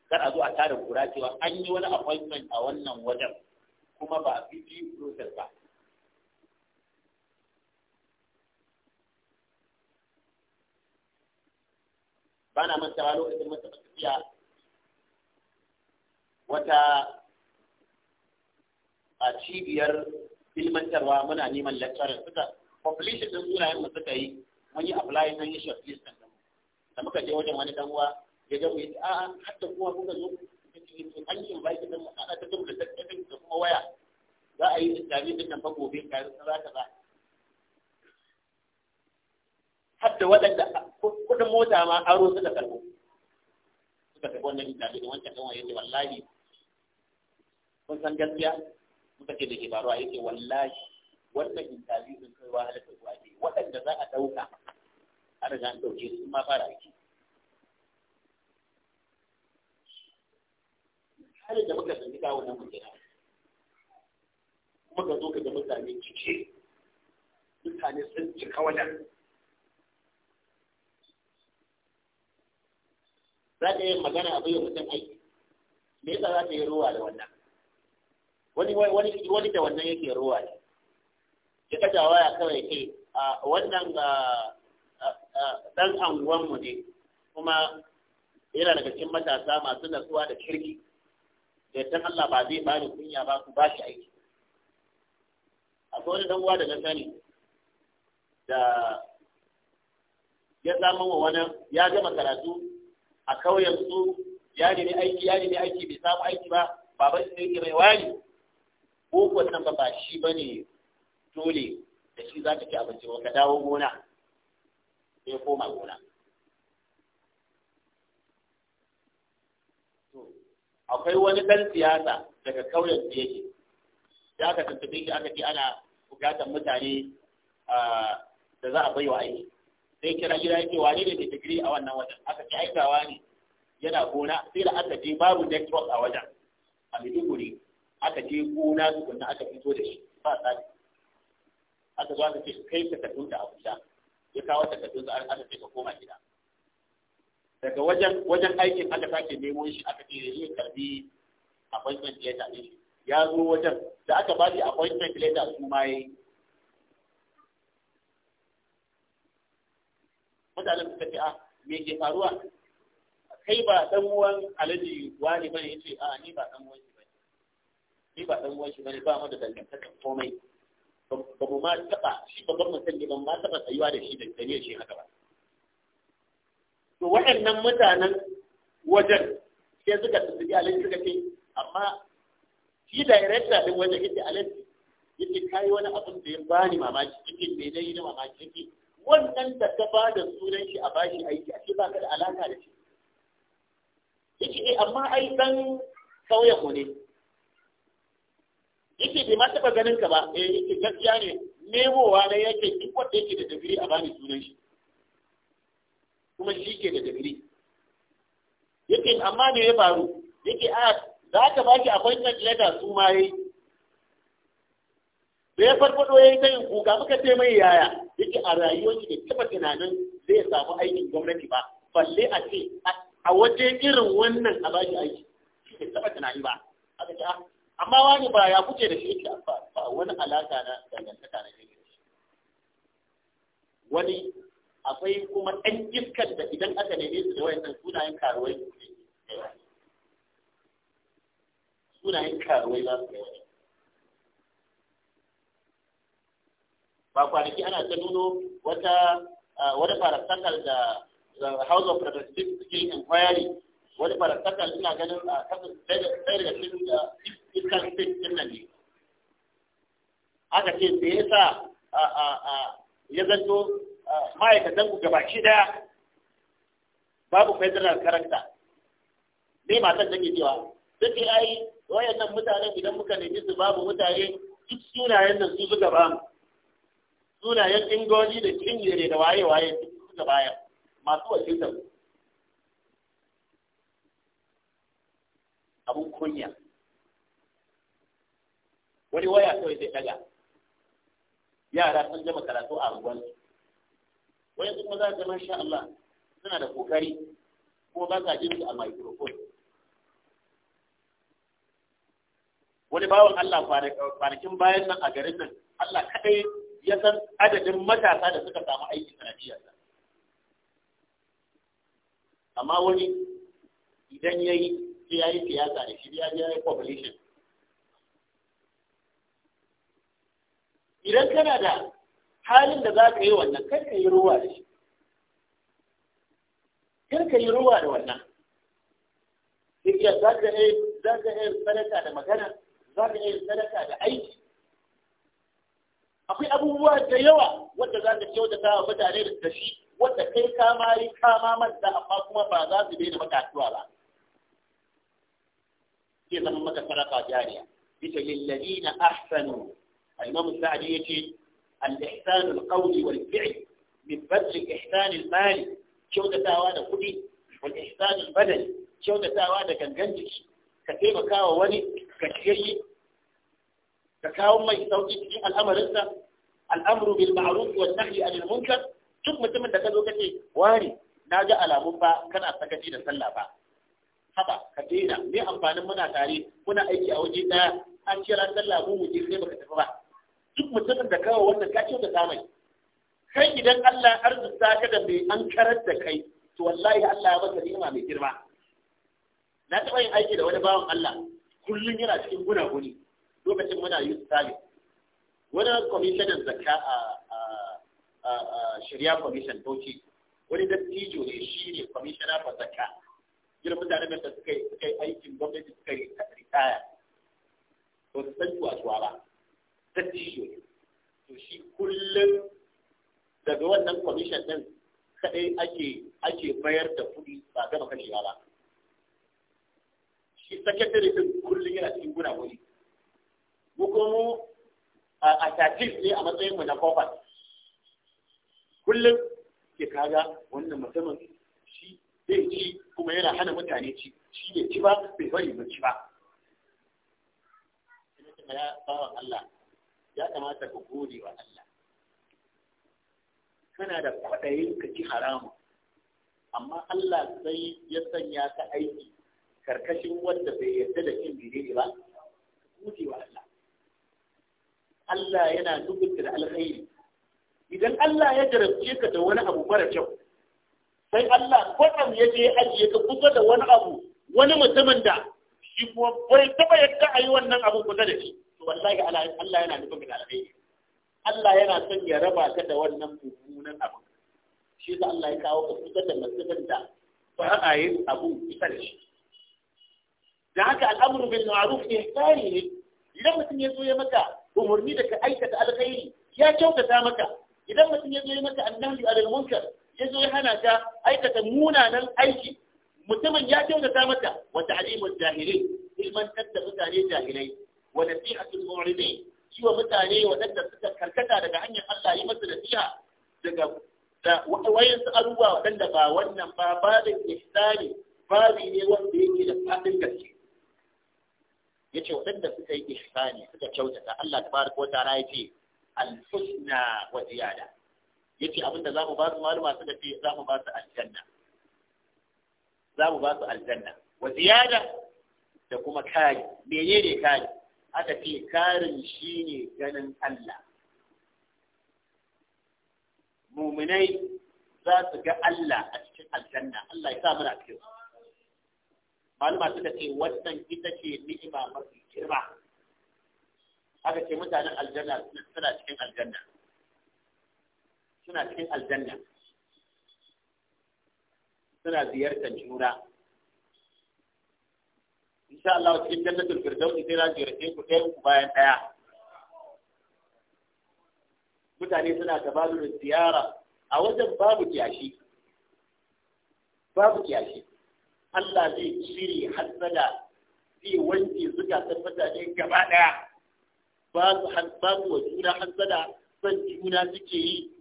kar a zo a tara kura cewa an yi wani appointment a wannan wajen kuma ba a fi process ba ba na mantawa lokacin mun taɓa tafiya wata a cibiyar ilmantarwa muna neman lecturer suka population din sunayen mu suka yi mun yi apply nan yi short list din da muka je wajen wani dan uwa ya ga mu yi a'a hatta kuma kuka zo to an yi invite din mu ana ta dubu da kuma waya za a yi islamiyyar din nan fa gobe ka za ka za har da waɗanda kuɗin mota ma aro suka karɓo suka karɓo wannan islami da wancan ɗan yace wallahi kun san gaskiya muka ce da ke faruwa yake, wallahi wannan islami sun kai wa halaka zuwa ke waɗanda za a ɗauka har riga an ɗauke su ma fara aiki halin da muka sami kawo nan mutum kuma ka zo ka ga mutane cike mutane sun cika wajen za ta yi magana a bayan mutum aiki me yasa za ta yi ruwa da wannan wani wani wani da wannan yake ruwa ne ya kaja waya kawai ke a wannan dan anguwan mu ne kuma yana daga cikin matasa masu natsuwa da kirki da yadda Allah ba zai bani kunya ba ku ba shi aiki akwai wani dan uwa da na sani da ya zama wa wani ya gama karatu a kauyen su ya aiki yari ne aiki bai samu aiki ba baban su yake mai wani ko wannan ba ba shi bane dole da shi za ka ci abinci ba ka dawo gona ya koma gona akwai wani ɗan siyasa daga kauyen da yake ya aka tuntuɓe shi aka ce ana bukatar mutane ah, da za a baiwa aiki sai kira gida yake wane ne da digiri a wannan wajen aka ce aikawa ne yana gona sai da aka je babu network a wajen a Maiduguri aka je gona tukunna aka fito da shi ba tsari aka zo aka ce kai takardun da Abuja ya kawo takardun da aka ce ka koma gida daga wajen wajen aikin aka sake nemo shi aka ce yin karbi appointment letter ne ya zo wajen da aka ba shi appointment letter su ma mutanen suka ce a ah, me ke faruwa kai ba dan uwan alaji wani bane yace a ah, ni ba dan uwan shi bane ni ba dan uwan shi bane ba mu da dangantaka komai ba mu ma taba shi babban mutum ne ban ma taba tsayuwa da shi da tsariya shi haka ba to waɗannan mutanen wajen sai suka tsiri alaji suka ce amma shi director din wajen yake alaji yake kai wani abu da ya bani mamaki yake me dai ne mamaki yake wannan da ka ba da sunan shi a bashi aiki a ce ba ka da alaka da shi yake eh amma ai dan kauyen mu ne yake bai ma taba ganin ka ba eh yake gaskiya ne nemowa ne yake duk wanda yake da digiri a bani sunan shi kuma shi ke da digiri yake amma ne ya faru yake a ah, za ka ba shi appointment letter su ma yi. da ya farfado ya yi ta yin kuka muka ce mai yaya yake a rayuwar shi da taba tunanin zai samu aikin gwamnati ba balle a ce a waje irin wannan a shi aiki shi bai taba tunani ba aka ce ah, amma wani ba ya kuce da shi yake ba wani alaka na dangantaka na yake wani akwai kuma ɗan iskar da idan aka neme su da wayannan sunayen karuwai sunayen karuwai za su kai wani ba kwanaki ana ta nuno wata wani farasakal da House of Representatives Skill Inquiry wani farasakal ina ganin a kasan sai da cikin da Eastern State din nan ne. Aka ce me yasa ya zanto ma'aikatan ku shi daya babu federal character. Me matan take cewa duk ai wayannan mutanen idan muka nemi su babu mutane duk sunayen nan su suka ba mu. sunayen ingoji da cinyere da waye-waye suka bayar masu wakiltar abun kunya wani waya kawai zai daga yara sun jama karatu a ruwan wani kuma za ga masha Allah suna da kokari ko ba sa jin a microphone wani bawan Allah kwanakin bayan nan a garin nan Allah kadai ya san adadin matasa da suka samu aiki sanadiyar sa amma wani idan ya yi yi siyasa da shi ya yi population idan kana da halin da za ka yi wannan kar ka yi ruwa da shi kar ka yi ruwa da wannan iya za ka yi sadaka da magana za ka yi sadaka da aiki akwai abubuwa da yawa wanda za ka kyautata wa mutane da shi wanda kai ka ma yi kama manta amma kuma ba za su daina maka addu'a ba zai zama maka saraka jariya bisa lillazina ahsanu al-imam sa'di yace al-ihsan al-qawli wal-fi'l min badl ihsan al-mali kyautatawa da kudi wal ihsan al-badani kyautatawa da gangan jiki ka taimaka wa wani ka ciyayye Da kawo mai sauki cikin al'amarinsa al'amru bil ma'ruf wa nahyi anil munkar duk mutumin da ka zo kace wani na ga alamun ba kana sakaci da sallah ba haba ka daina me amfanin muna tare muna aiki a waje daya an kira sallah mu muje sai baka tafi ba duk mutumin da kawo wannan ka ce da samai kai idan Allah arzuta ka da mai an karar da kai to wallahi Allah ya baka ni'ima mai girma na taɓa yin aiki da wani bawan Allah kullum yana cikin gunaguni lokacin muna youth service wani kwamishinan zakka a shirya kwamishin bauchi wani dattijo ne shi ne kwamishina ba zakka irin mutanen da suka yi aikin gwamnati suka yi a ritaya to su san cuwa ba dattijo ne to shi kullum daga wannan kwamishin ɗin kadai ake ake bayar da kuɗi ba gama kashewa ba shi sakatare din kullum yana cikin guna wuri Mukunmu mu a tatif ne a matsayin mu na kofar kullum ke kaga wannan mutumin shi zai ci kuma yana hana mutane ci shi bai ci ba bai bari mu ci ba ya bawan Allah ya kamata ka gode wa Allah kana da kwaɗayin ka ci haramun amma Allah sai ya sanya ka aiki karkashin wanda bai yarda da cin bire ba gode wa Allah Allah yana nufin da alkhairi idan Allah ya jarabce ka da wani abu mara kyau sai Allah ko ya je ajiye ka kusa da wani abu wani mutumin da shi kuma bai taba yadda a yi wannan abu kusa da shi to wallahi Allah yana nufin da alkhairi Allah yana son ya raba ka da wannan mummunan abu shi da Allah ya kawo ka kusa da mutumin da ba a yi abu kusa da shi da haka al'amuru bil ma'ruf ihsani ne idan mutum ya zo ya maka umarni da ka aikata alkhairi ya kyautata maka idan mutum ya zo ya maka annabi alal munkar ya zo ya hana ka aikata munanan aiki mutumin ya kyautata maka wa ta'limul jahilin ilmantar da mutane jahilai wa nasihatul mu'ridin shi wa mutane waɗanda suka karkata daga hanyar Allah yi masa nasiha daga da wayan su abubuwa waɗanda ba wannan ba babin ihsani babi ne wanda yake da fadin gaske yace waɗanda suka yi ihsani suka kyautata Allah wata wataala ce al-husna wa ziyada yace abinda zamu ba su maluma suka ce zamu ba su aljanna zamu ba su aljanna wa ziyada da kuma kari menene kari aka ce karin shine ganin Allah muminai za su ga Allah a cikin aljanna Allah ya sa muna cikin malama suka ce wannan ita ce ni'ima mafi girma aka ce mutanen aljanna suna cikin aljanna suna cikin aljanna suna ziyartar juna insha Allah cikin jannatul firdausi sai na ziyarce ku ɗaya ku bayan ɗaya mutane suna gabanin ziyara a wajen babu kiyashi babu kiyashi Allah zai cire hasada zai wanke ta mutane gaba ɗaya ba su hasbabu wa juna hasada san juna suke yi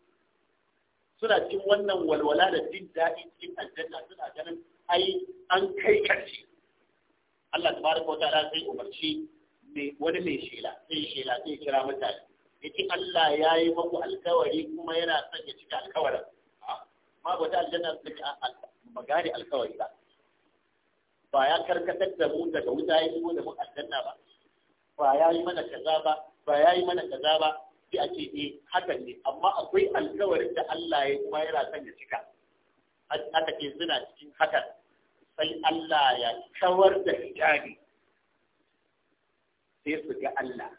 suna cin wannan walwala da jin daɗi cikin aljanna suna ganin ai an kai karshe Allah ta baraka wa ta'ala sai umarci wani mai shela sai shela sai kira mutane yace Allah ya yi maku alkawari kuma yana son ya cika alkawarin ma ba ta aljanna su ba gane alkawari ba ba ya karkatar da mu daga wuta ya shigo da mu aljanna ba ba ya yi mana kaza ba ba ya yi mana kaza ba sai ake ce eh, ne amma akwai alkawarin da Allah ya kuma yana son ya cika Haka ce suna cikin hakan sai Allah ya kawar da hijabi sai su ga Allah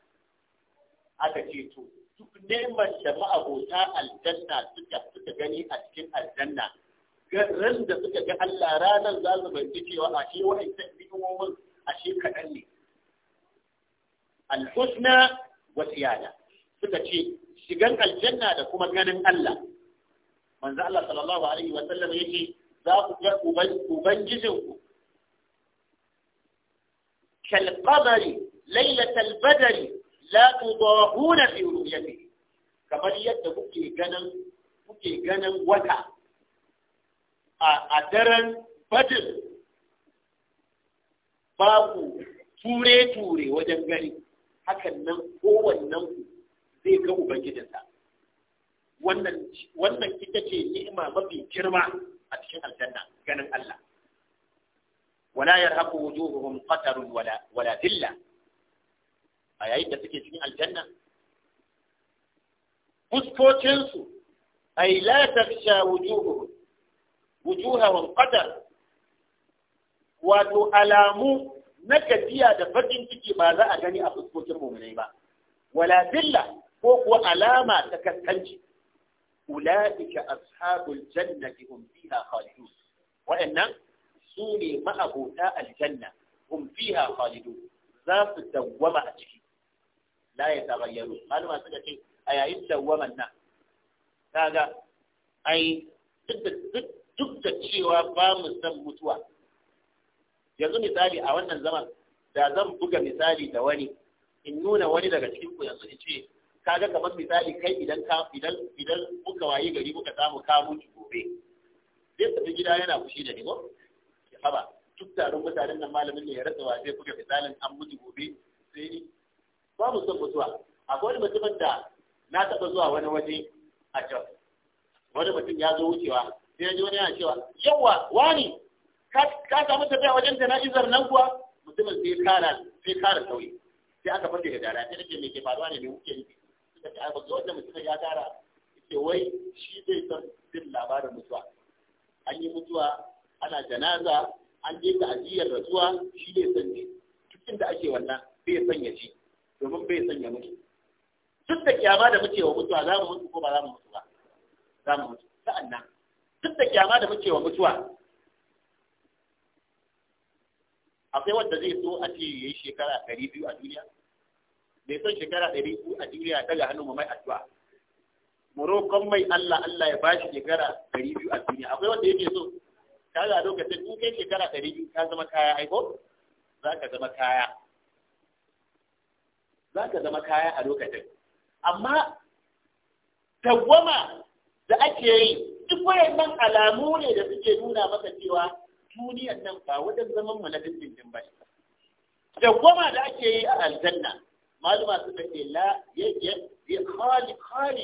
aka ce to duk neman da ma'abota aljanna suka suka gani a cikin aljanna ran da suka ga Allah ranar za su bayyana cewa a shi wa'ancan ni'imomin a shi kaɗan ne al-husna wa ziyada suka ce shigan aljanna da kuma ganin Allah manzo Allah sallallahu alaihi wa sallam ya ce za ku ga ubangijinku كالقمر ليلة البدر لا تضاهون في رؤيته kamar yadda kuke ganin kuke ganin wata a daren badin babu ture-ture wajen gari hakan nan kowannen ku zai ga ubangijinsa wannan ita ce ni'ima mafi girma a cikin aljanna ganin Allah wala yarhaqu wujuhuhum qatar wala wala dilla a yayin da suke cikin aljanna su ay la tafsha wujuhuhum wujuhahum qadar wato alamu na gajiya da bakin ciki ba za a gani a fuskokin mu'minai ba wala zilla ko kuwa alama ta kaskanci ulaika ashabul jannati hum fiha khalidun wa'annan su ne ma'abota aljanna hum fiha khalidun za su dawwama a ciki la ya tagayyaru malama suka ce a yayin dawwaman nan kaga ai duk duk da cewa ba mu san mutuwa yanzu misali a wannan zaman da zan buga misali da wani in nuna wani daga cikin ku yanzu in ce kaga kamar misali kai idan ka idan idan muka waye gari muka samu ka mutu gobe zai tafi gida yana fushi da ni ko ya haba duk taron mutanen nan malamin ne ya rasa wa sai buga misalin an mutu gobe sai ni ba mu son mutuwa akwai wani mutumin da na taɓa zuwa wani waje a can wani mutum ya zo wucewa sai ji wani yana cewa yawa wani ka samu tafiya wajen jana'izar nan kuwa mutumin sai kara sai kara sauyi sai aka fata da dara sai nake me ke faruwa ne mai wuce nufi suka ce ai wanda mutumin ya kara ce wai shi zai san jin labarin mutuwa an yi mutuwa ana janaza an je ta ajiyar rasuwa shi zai san ne duk inda ake wannan bai san ya ci domin bai san ya mutu duk da kyama da muke wa mutuwa za mu mutu ko ba za mu mutu ba za mu mutu sa'annan tun da kyama da muke wa mutuwa akwai wanda zai so a ce yayi shekara ɗari biyu a duniya bai son shekara ɗari biyu a duniya daga hannun mu mai addu'a Mu rokon mai Allah Allah ya ba shi shekara ɗari biyu a duniya akwai wanda yake so ka a lokacin in kai shekara ɗari biyu ka zama kaya aiko za ka zama kaya za ka zama kaya a lokacin amma tawwama da ake yi duk nan alamu ne da suke nuna maka cewa duniyan nan ba wajen zaman mu na dindindin ba da goma da ake yi a aljanna maluma suka ce la ya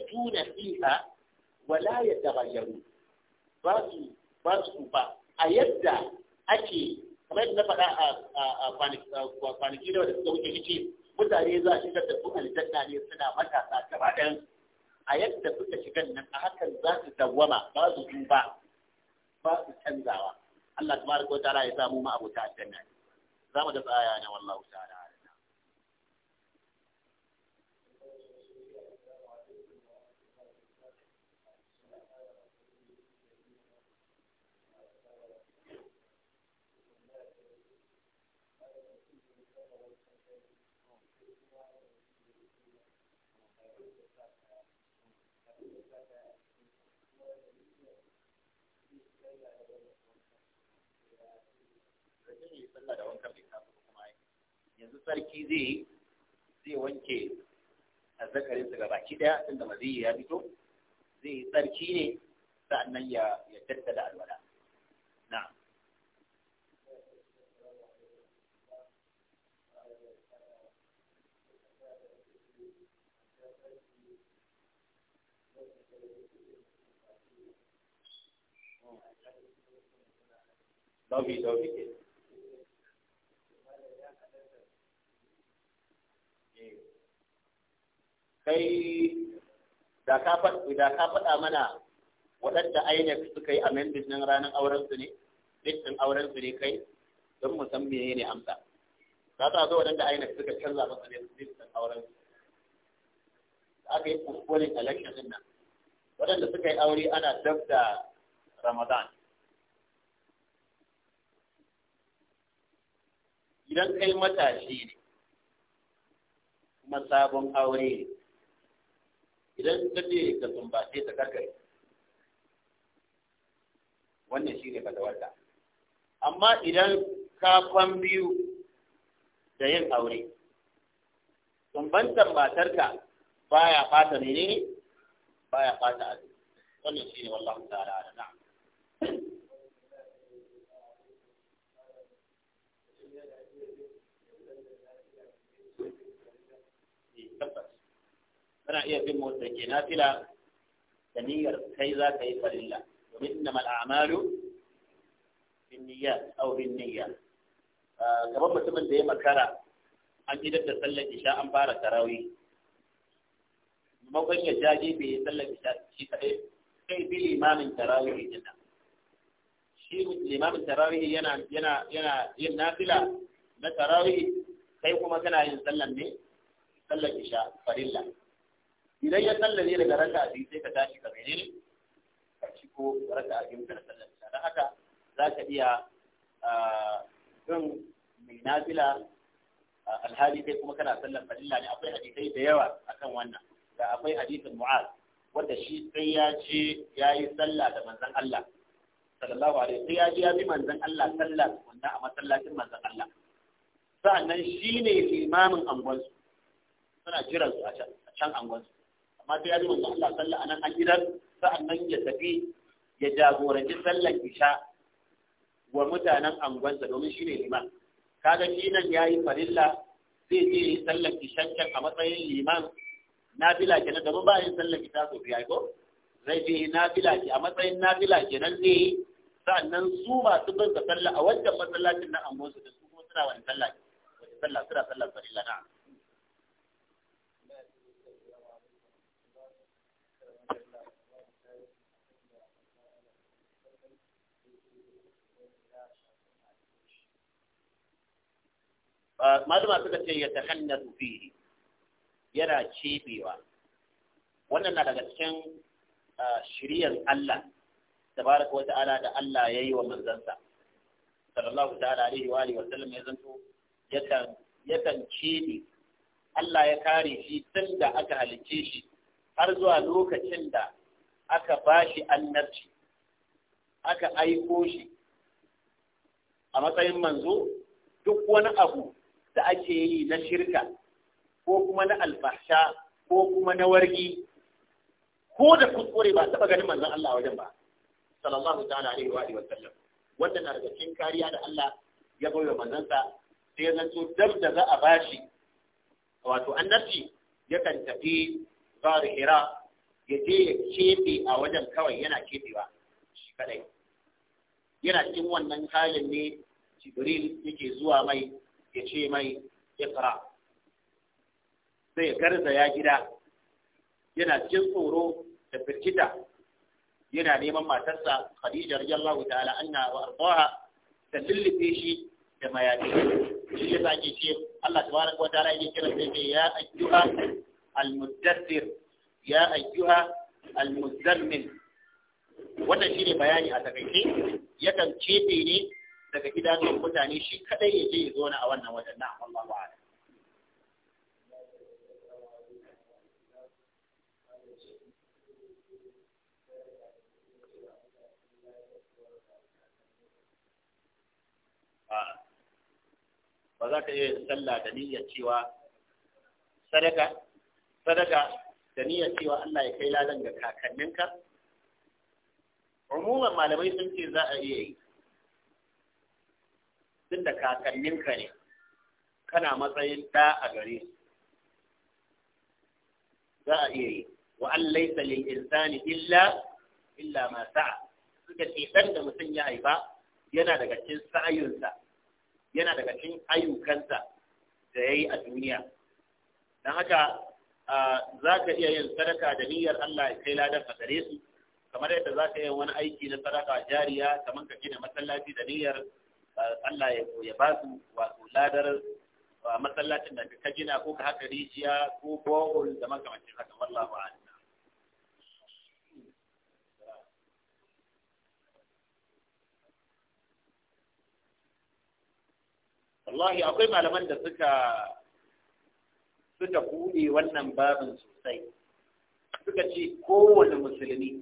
tuna fiha wa la yataghayyaru ba su ba su ba a yadda ake kamar yadda na faɗa a kwanaki da wanda suka wuce ce mutane za su shigar da su aljanna ne suna matasa gaba ɗayan a yadda suka shiga nan a hakan za su dawwama ba su duba ba su canzawa Allah tabaraka wa ta'ala ya samu mu abota Za zamu da tsaya ne wallahi ta'ala sallah da wankan bai kafa kuma ai yanzu sarki zai zai wanke azzakarin sa gabaki daya tun da maziyi ya fito zai yi tsarki ne sa'annan ya ya tattala alwala na'am Dobi, dobi ke. kai da ka faɗa mana waɗanda INEC suka yi amendment nan ranar auren su ne, ɗin auren su ne kai don mu san meye ne amsa. Za ta zo waɗanda INEC suka canza masa ne ɗin auren su. Aka yi postponing election ɗin nan. Waɗanda suka yi aure ana dab da Ramadan. Idan kai matashi ne, kuma sabon aure ne, idan ka ce ka sumbace ta karkare, wannan shi ne fatawarta amma idan ka kwan biyu da yin aure sumbantar matarka baya fata ne, ba baya fata azumi wannan shi ne wallahu ta'ala na'am kana iya bin motsa ke nafila da niyyar kai za ka yi farilla domin na mal'amalu bin niyya aw bin niyya kamar mutumin da ya makara an gidan da sallar isha an fara tarawi. makon ya jaje bai yi sallar isha shi kaɗai. kai bi limamin tarawih ya gina shi limamin tarawih yana yana yana yin nafila na tarawih kai kuma kana yin sallar ne sallar isha farilla idan ya sallame daga raka a sai ka tashi ka mene ka shigo, ko raka a biyu ka sallame don haka za ka iya bin mai nafila alhali kai kuma kana sallan fadilla ne akwai hadisai da yawa akan wannan da akwai hadisin mu'az wanda shi sai ya ce ya yi sallah da manzon Allah sallallahu alaihi sai ya ji ya bi manzon Allah sallah wanda a masallacin manzon Allah sa'annan shi ne limamin angonsu suna jiran su a can angonsu amma sai ya ji manzo Allah sallah nan a gidan nan ya tafi ya jagoranci sallar isha wa mutanen angonsa domin shi ne liman kaga shi nan ya yi farilla zai je yi sallar ishan can a matsayin liman na nafila kenan domin ba yin sallar isha sau biya ko zai je yi fila ke a matsayin na fila nafila kenan zai yi nan su masu bin sa sallah a wajen masallacin na angonsu da su kuma suna wani sallah wani sallah suna sallar farilla na'am malama suka ce ya tahannasu fihi yana cibewa wannan na daga cikin shiriyar Allah tabaraka ta'ala da Allah ya yi wa manzansa sallallahu ta'ala alaihi wa alihi wa sallam ya zanto yakan yakan cibi Allah ya kare shi tun da aka halicce shi har zuwa lokacin da aka ba shi annabci aka aiko shi a matsayin manzo duk wani abu da ake yi na shirka ko kuma na alfahsha ko kuma na wargi ko da kuskure ba taɓa ganin manzon Allah wajen ba sallallahu ta'ala alaihi wa alihi wasallam wanda na daga cikin kariya da Allah ya bai wa sa, sai ya zanto dab da za a bashi wato annabi kan tafi zuwa hira ya je ya keɓe a wajen kawai yana kebewa shi kadai yana cikin wannan halin ne jibril yake zuwa mai ya ce mai ikra sai garza ya gida yana cikin tsoro da firgita yana neman matarsa Khadija radiyallahu ta'ala anna wa arda'a ta lillife shi da mayafi shi ya sake ce Allah tabaraka wa ta'ala yake kira sai ya ayyuha al-muddathir ya ayyuha al-muzammil wannan shine bayani a takaice yakan cefe ne daga gidajen mutane shi kadai ya je ya na a wannan wajen na Allah wa ala. Ba za ka iya sallah da niyyar cewa sadaka, sadaka da niyyar cewa Allah ya kai ladan ga kakanninka? Umuman malamai sun ce za a iya yi, tun da kakanninka ne kana matsayin ɗa a gare su za a iya yi wa an laisa lil insani illa illa ma sa'a suka ce dan da mutum ya haifa yana daga cikin sa'ayunsa yana daga cikin ayyukansa da ya yi a duniya don haka za ka iya yin sadaka da niyyar Allah ya kai ladar a gare su kamar yadda za ka yi wani aiki na sadaka jariya kamar ka gina masallaci da niyyar Allah ya ba su wato ladar masallacin da ka gina ko ka haka rijiya ko bohol da makamancin haka wallahu a'lam wallahi akwai malaman da suka suka buɗe wannan babin sosai suka ce kowane musulmi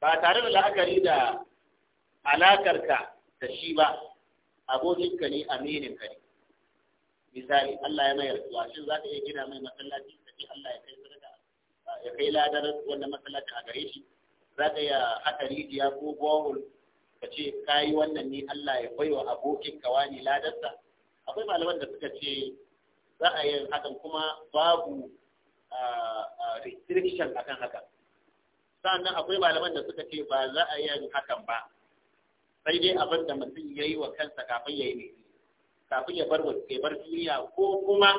ba tare da la'akari da alakarka da shi ba abokinka ne aminin ka ne misali Allah ya mai rasuwa shin za ka iya gina mai masallaci ka ce Allah ya kai sadaka ya kai ladar wannan masallaci a gare shi za ka iya haka rijiya ko bohol ka ce ka yi wannan ne Allah ya baiwa abokin ka wani ladarsa akwai malaman da suka ce za a yi hakan kuma babu restriction akan hakan sannan akwai malaman da suka ce ba za a yi hakan ba sai dai abin da mutum ya yi wa kansa kafin ya yi kafin ya bar wasu bar duniya ko kuma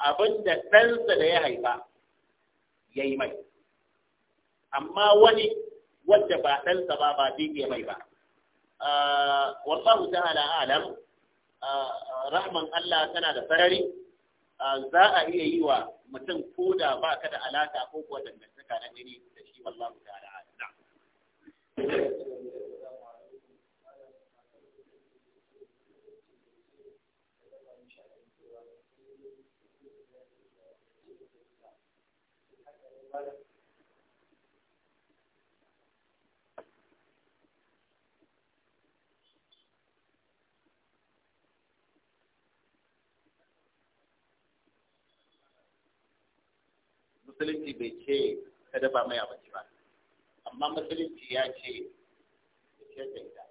abin da ɗansa da ya haifa ya yi mai amma wani wanda ba ɗansa ba ba zai ya mai ba ah, wallahu ta'ala alam ah, rahman Allah tana da sarari ah, za a iya yi wa mutum ko da ba ka da alaka ko kuwa dangantaka na gani da shi wallahu ta'ala alam musulunci bai ce ka dafa mai abinci ba amma musulunci ya ce da ce da ita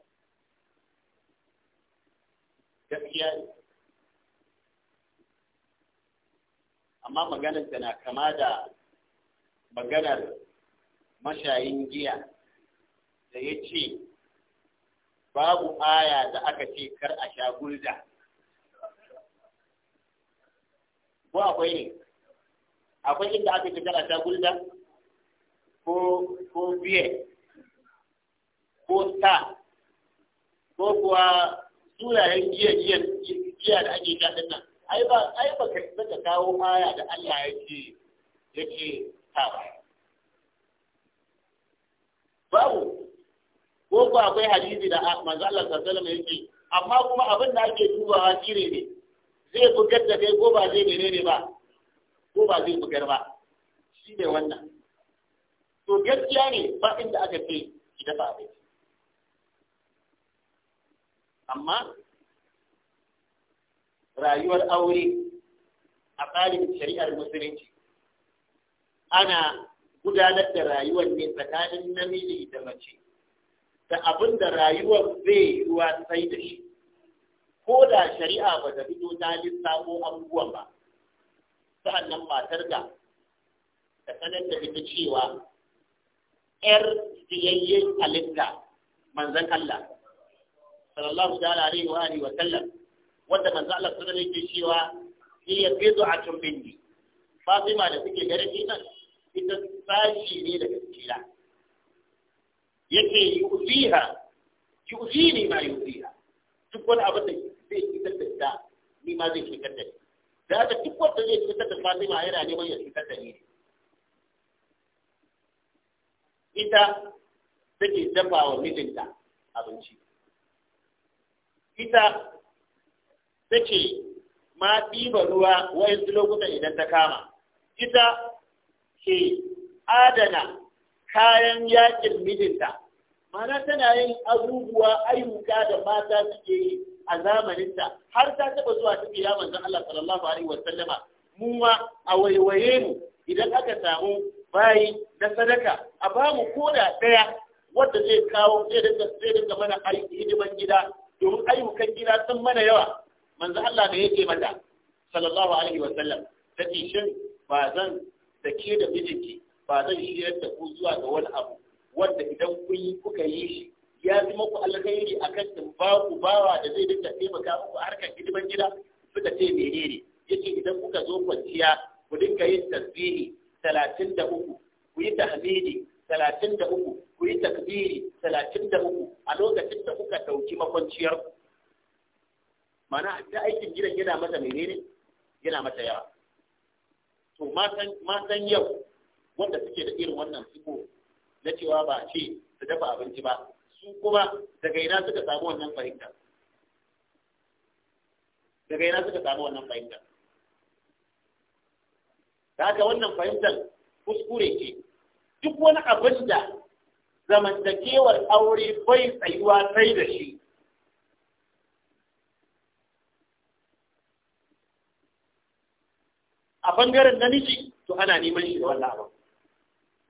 gaskiya ne. amma maganar tana kama da maganar mashayin giya da ya ce babu aya da aka ce kar a sha gulda ko akwai ne akwai inda aka ce kana ta gulda ko ko biye ko ta ko kuwa sunayen jiya jiya jiya da ake sha din nan ai ba ai ba ka saka kawo aya da Allah yake yake ta ba babu ko ko akwai hadisi da manzo Allah sallallahu alaihi wasallam yake amma kuma abin da ake dubawa shine ne zai bugar da kai ko ba zai menene ba ko ba zai bugar ba shi ne wannan to gaskiya ne ba inda aka ce ki dafa ba. amma rayuwar aure a tsarin shari'ar musulunci ana gudanar da rayuwar ne tsakanin namiji da mace da abin da rayuwar zai yi ruwa sai da shi ko da shari'a ba ta fito ta lissafo abubuwan ba nan matar da ta sanar da ita cewa ‘yar siyayyen halitta manzan Allah, sallallahu alaihi wa alihi wa sallam, wanda manzan Allah suna ne cewa shi ya fi zuwa cin bindi, Fatima da suke gare shi nan, ita sashi ne daga cikina. Yake yi uziha, ki uzi ne ma yi uziha, duk wani abin da zai fitar da ita, ni ma zai fitar da ita. da haka duk wanda zai cutar da Fatima yana neman ya cutar da ni ita take dafa wa mijinta abinci ita take ma ɗiba ruwa wayansu lokutan idan ta kama ita ke adana kayan yakin mijinta mana tana yin abubuwa ayyuka da mata suke yi a zamaninta har ta taɓa zuwa ta ya manzon Allah sallallahu alaihi wa sallama mu ma a waiwaye mu idan aka samu bayi na sadaka a ba mu koda ɗaya wanda zai kawo zai dinga zai dinga mana hidiman gida domin ayyukan gida sun mana yawa manzo Allah ne yake mata sallallahu alaihi wa sallam shin ba zan dake da mijinki ba zan shiryar da ku zuwa ga wani abu wanda idan kun yi kuka yi shi ya ji maku alkhairi a in ba ku bawa da zai dinga taimaka muku a harkar hidiman gida suka ce menene yace idan kuka zo kwanciya ku dinga yin tasbihi 33 ku yi tahmidi 33 ku yi takbiri 33 a lokacin da kuka dauki makwanciyar mana ta aikin gidan yana mata menene yana mata yawa to matan yau wanda suke da irin wannan siko na cewa ba ce su dafa abinci ba su kuma daga ina suka samu wannan fahimta daga ina suka samu wannan fahimta da haka wannan fahimtar kuskure ce duk wani abin da zamantakewar aure bai tsayuwa sai da shi a bangaren namiji to ana neman shi da wannan abin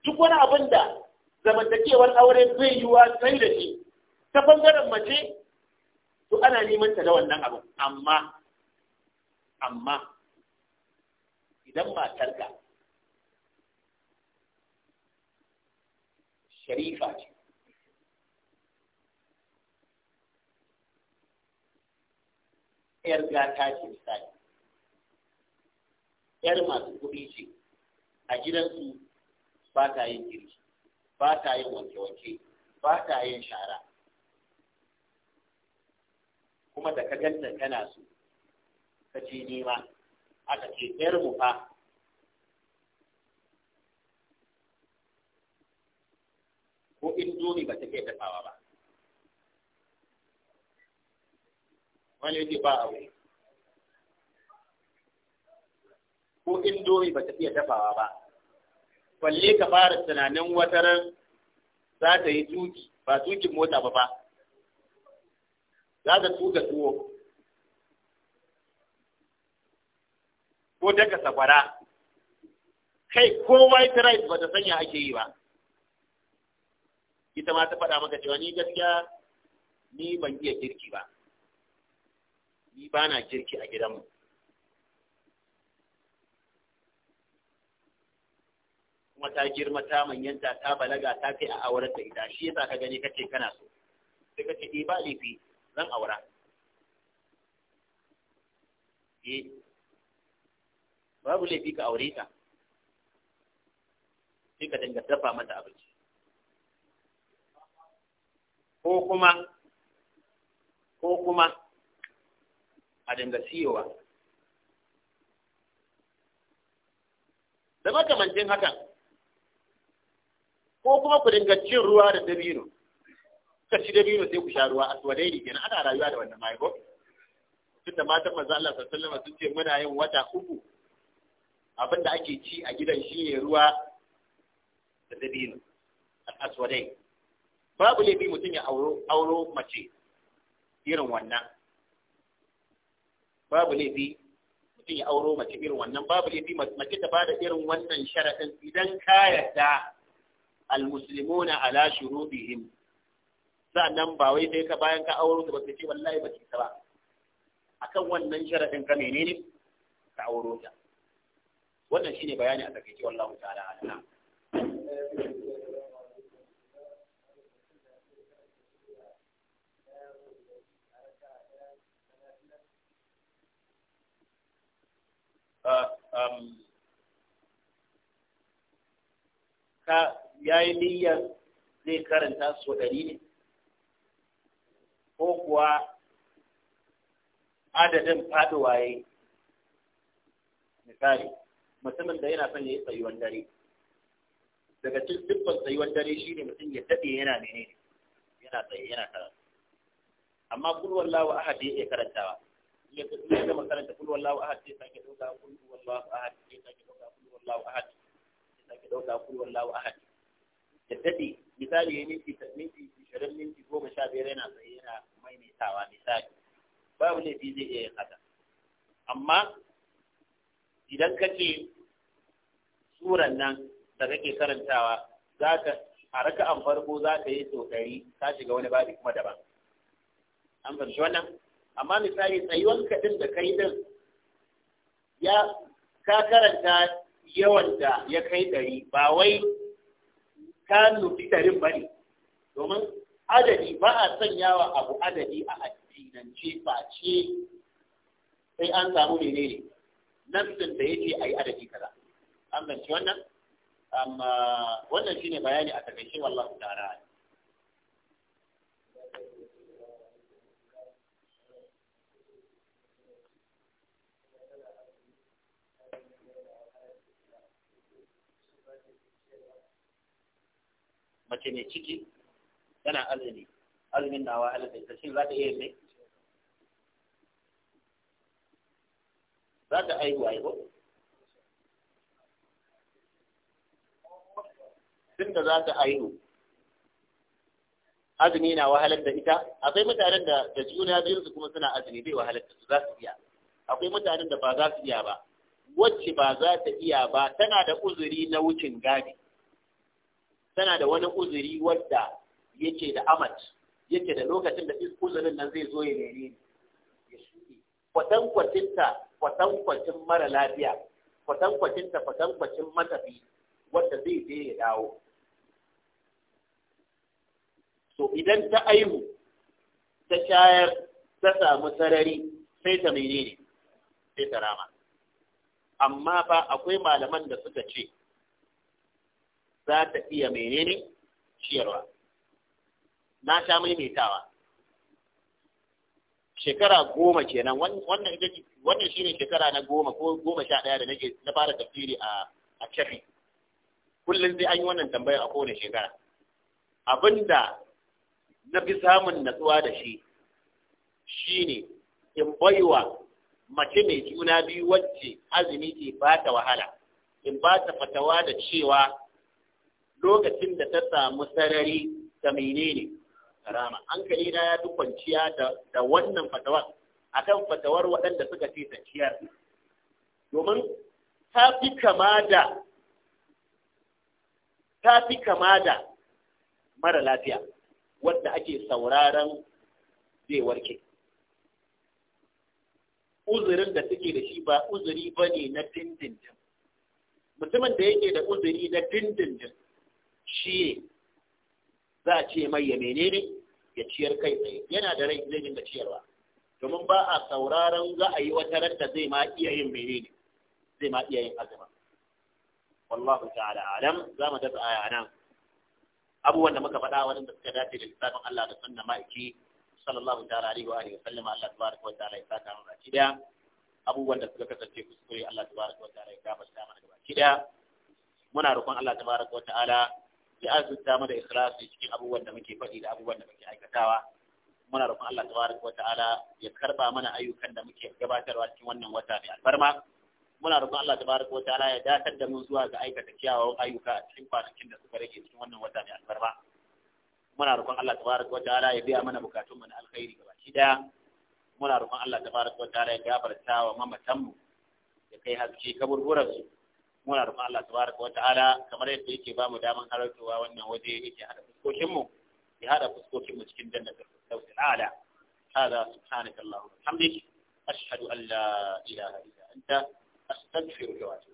duk wani abin da zamantakewar aure zai wa sai da shi ta bangaren mace to ana neman ta da wannan abu amma amma idan ka, sharifa ce ‘yar gata ce misali, ‘yar masu kuɗi ce, a gidansu ba ta yin girki. ba ta yin wanke-wanke ba ta yin shara kuma da ka ganta kana su, ka ce nema aka ce ɗayar mu fa ko indomi ba ta iya dafawa ba wani yake ba aure ko indomi ba ta iya dafawa ba falle ka fara tunanin ran za ta yi tuki ba tukin mota ba ba za ta tuka tuwo ko daga sakwara kai ko white rice ba ta sanya ake yi ba ita ma ta faɗa maka cewa ni gaskiya ni ban iya kirki ba ni ba na girki a gidanmu Mata ta girma ta manyanta ta balaga ta kai a aurar da ita shi yasa ka gani kace kana so sai kace eh ba laifi zan aura eh babu laifi ka aure ta sai ka dinga dafa mata abinci ko kuma ko kuma a dinga siyowa da makamancin hakan ko kuma ku dinga cin ruwa da dabino kuka ci dabino sai ku sha ruwa aswadai ne kenan ana rayuwa da wannan mai ko da matan manzo Allah sallallahu alaihi wasallam sun ce muna yin wata uku abinda ake ci a gidan shi ne ruwa da dabino aswadai babu laifi mutum ya auro auro mace irin wannan babu laifi mutum ya auro mace irin wannan babu laifi mace ta bada irin wannan sharaɗin idan ka yarda المسلمون على شروطهم sa'annan ba wai sai ka bayan ka auro ta ba sai ce wallahi ba ta ba akan wannan sharadin ka menene ka auro ta wannan shine bayani a takaice wallahu ta'ala ala Uh, um, ka ya yi niyyar zai karanta su ɗari ne ko kuwa adadin faɗuwa ya yi misali mutumin da yana son ya yi tsayuwan dare daga cikin dukkan tsayuwan dare shi ne mutum ya daɗe yana menene yana tsaye yana karatu amma kulwar lawa da ya iya karantawa ya gama karanta kulwar lawa da ya sake ɗauka kulwar lawa da ya sake ɗauka kulwar lawa da ya sake ɗauka kulwar lawa da ya daɗe misali ya minti minti ishirin minti goma sha biyar yana tsaye yana maimaitawa misali babu laifi zai iya yin haka amma idan ka suran nan da kake karantawa za ka a raka'an farko za ka yi tsokari, ka shiga wani babi kuma daban an fahimci wannan amma misali tsayuwan kaɗin da kai din ya ka karanta yawan da ya kai ɗari ba wai nufi tarin bane domin adadi ba a sanyawa abu adadi a addinance face sai an samu menene nafsin da yake a yi adadi kaza an ganci wannan amma wannan shine bayani a takaice wallahu ta'ala mace mai ciki yana azumi azumin nawa alifin ta shin za ta iya mai za ta aihuwa yi tun da za ta aihu azumi na wahalar da ita akwai mutanen da da juna biyun su kuma suna azumi bai wahalar da su za su iya akwai mutanen da ba za su iya ba wacce ba za ta iya ba tana da uzuri na wucin gadi tana da wani uzuri wadda yake da amat yake da lokacin da uzurin nan zai zo ya nene ya shuɗe kwatankwacinta kwatankwacin mara lafiya kwatankwacinta kwatankwacin matafi wadda zai je ya dawo so idan ta aihu ta shayar ta samu sarari sai ta menene sai ta rama amma ba akwai malaman da suka ce za ta iya menene ciyarwa na sha maimaitawa shekara goma kenan wannan ita wannan shine shekara na goma ko goma sha ɗaya da nake na fara tafsiri a a kafi kullum sai an yi wannan tambayar a kowane shekara abinda na fi samun natsuwa da shi shine in baiwa mace mai juna biyu wacce azumi ke ba ta wahala in ba ta fatawa da cewa lokacin da ta samu sarari da menene karama hankali na ya duk kwanciya da wannan fatawar akan fatawar waɗanda suka ce ta ciyar domin ta fi kama da mara lafiya Wadda ake sauraron zai warke uzurin da suke da shi ba uzuri ba ne na dindindin mutumin da yake da uzuri na dindindin shi ne za a ce mai ya menene ya ciyar kai tsaye yana da rai zai dinga ciyarwa domin ba a sauraron za a yi wata ranta zai ma iya yin menene zai ma iya yin azuma wallahu ta'ala alam za mu tafi aya nan abubuwan da muka faɗa waɗanda suka dace da lissafin Allah da sunna ma'aiki sallallahu ta'ala alaihi wa alihi wa sallama Allah tabaraka wa ta'ala ya saka mu baki daya abubuwan da suka kasance kuskure Allah tabaraka wa ta'ala ya gafarta mana baki daya muna roƙon Allah tabaraka wa ta'ala ya da mu da ikhlasi cikin abubuwan da muke faɗi da abubuwan da muke aikatawa muna roƙon Allah tabaraka wata'ala ya karba mana ayyukan da muke gabatarwa cikin wannan wata mai albarma muna roƙon Allah tabaraka wata'ala ya dakatar da mu zuwa ga aikata kiyawawan ayyuka a cikin kwanakin da suka rage cikin wannan wata mai albarma muna roƙon Allah tabaraka wata'ala ya biya mana bukatun mu na alkhairi gabaki daya muna roƙon Allah tabaraka wata'ala ya gafarta wa mamatan mu ya kai haske kaburburan su muna roƙon Allah tabaraka wa ta'ala kamar yadda yake ba mu daman halartowa wannan waje yake hada fuskokin mu ya hada fuskokin mu cikin jannatul firdaus ala hada subhanaka allahumma hamdika ashhadu an la ilaha illa anta astaghfiruka wa atubu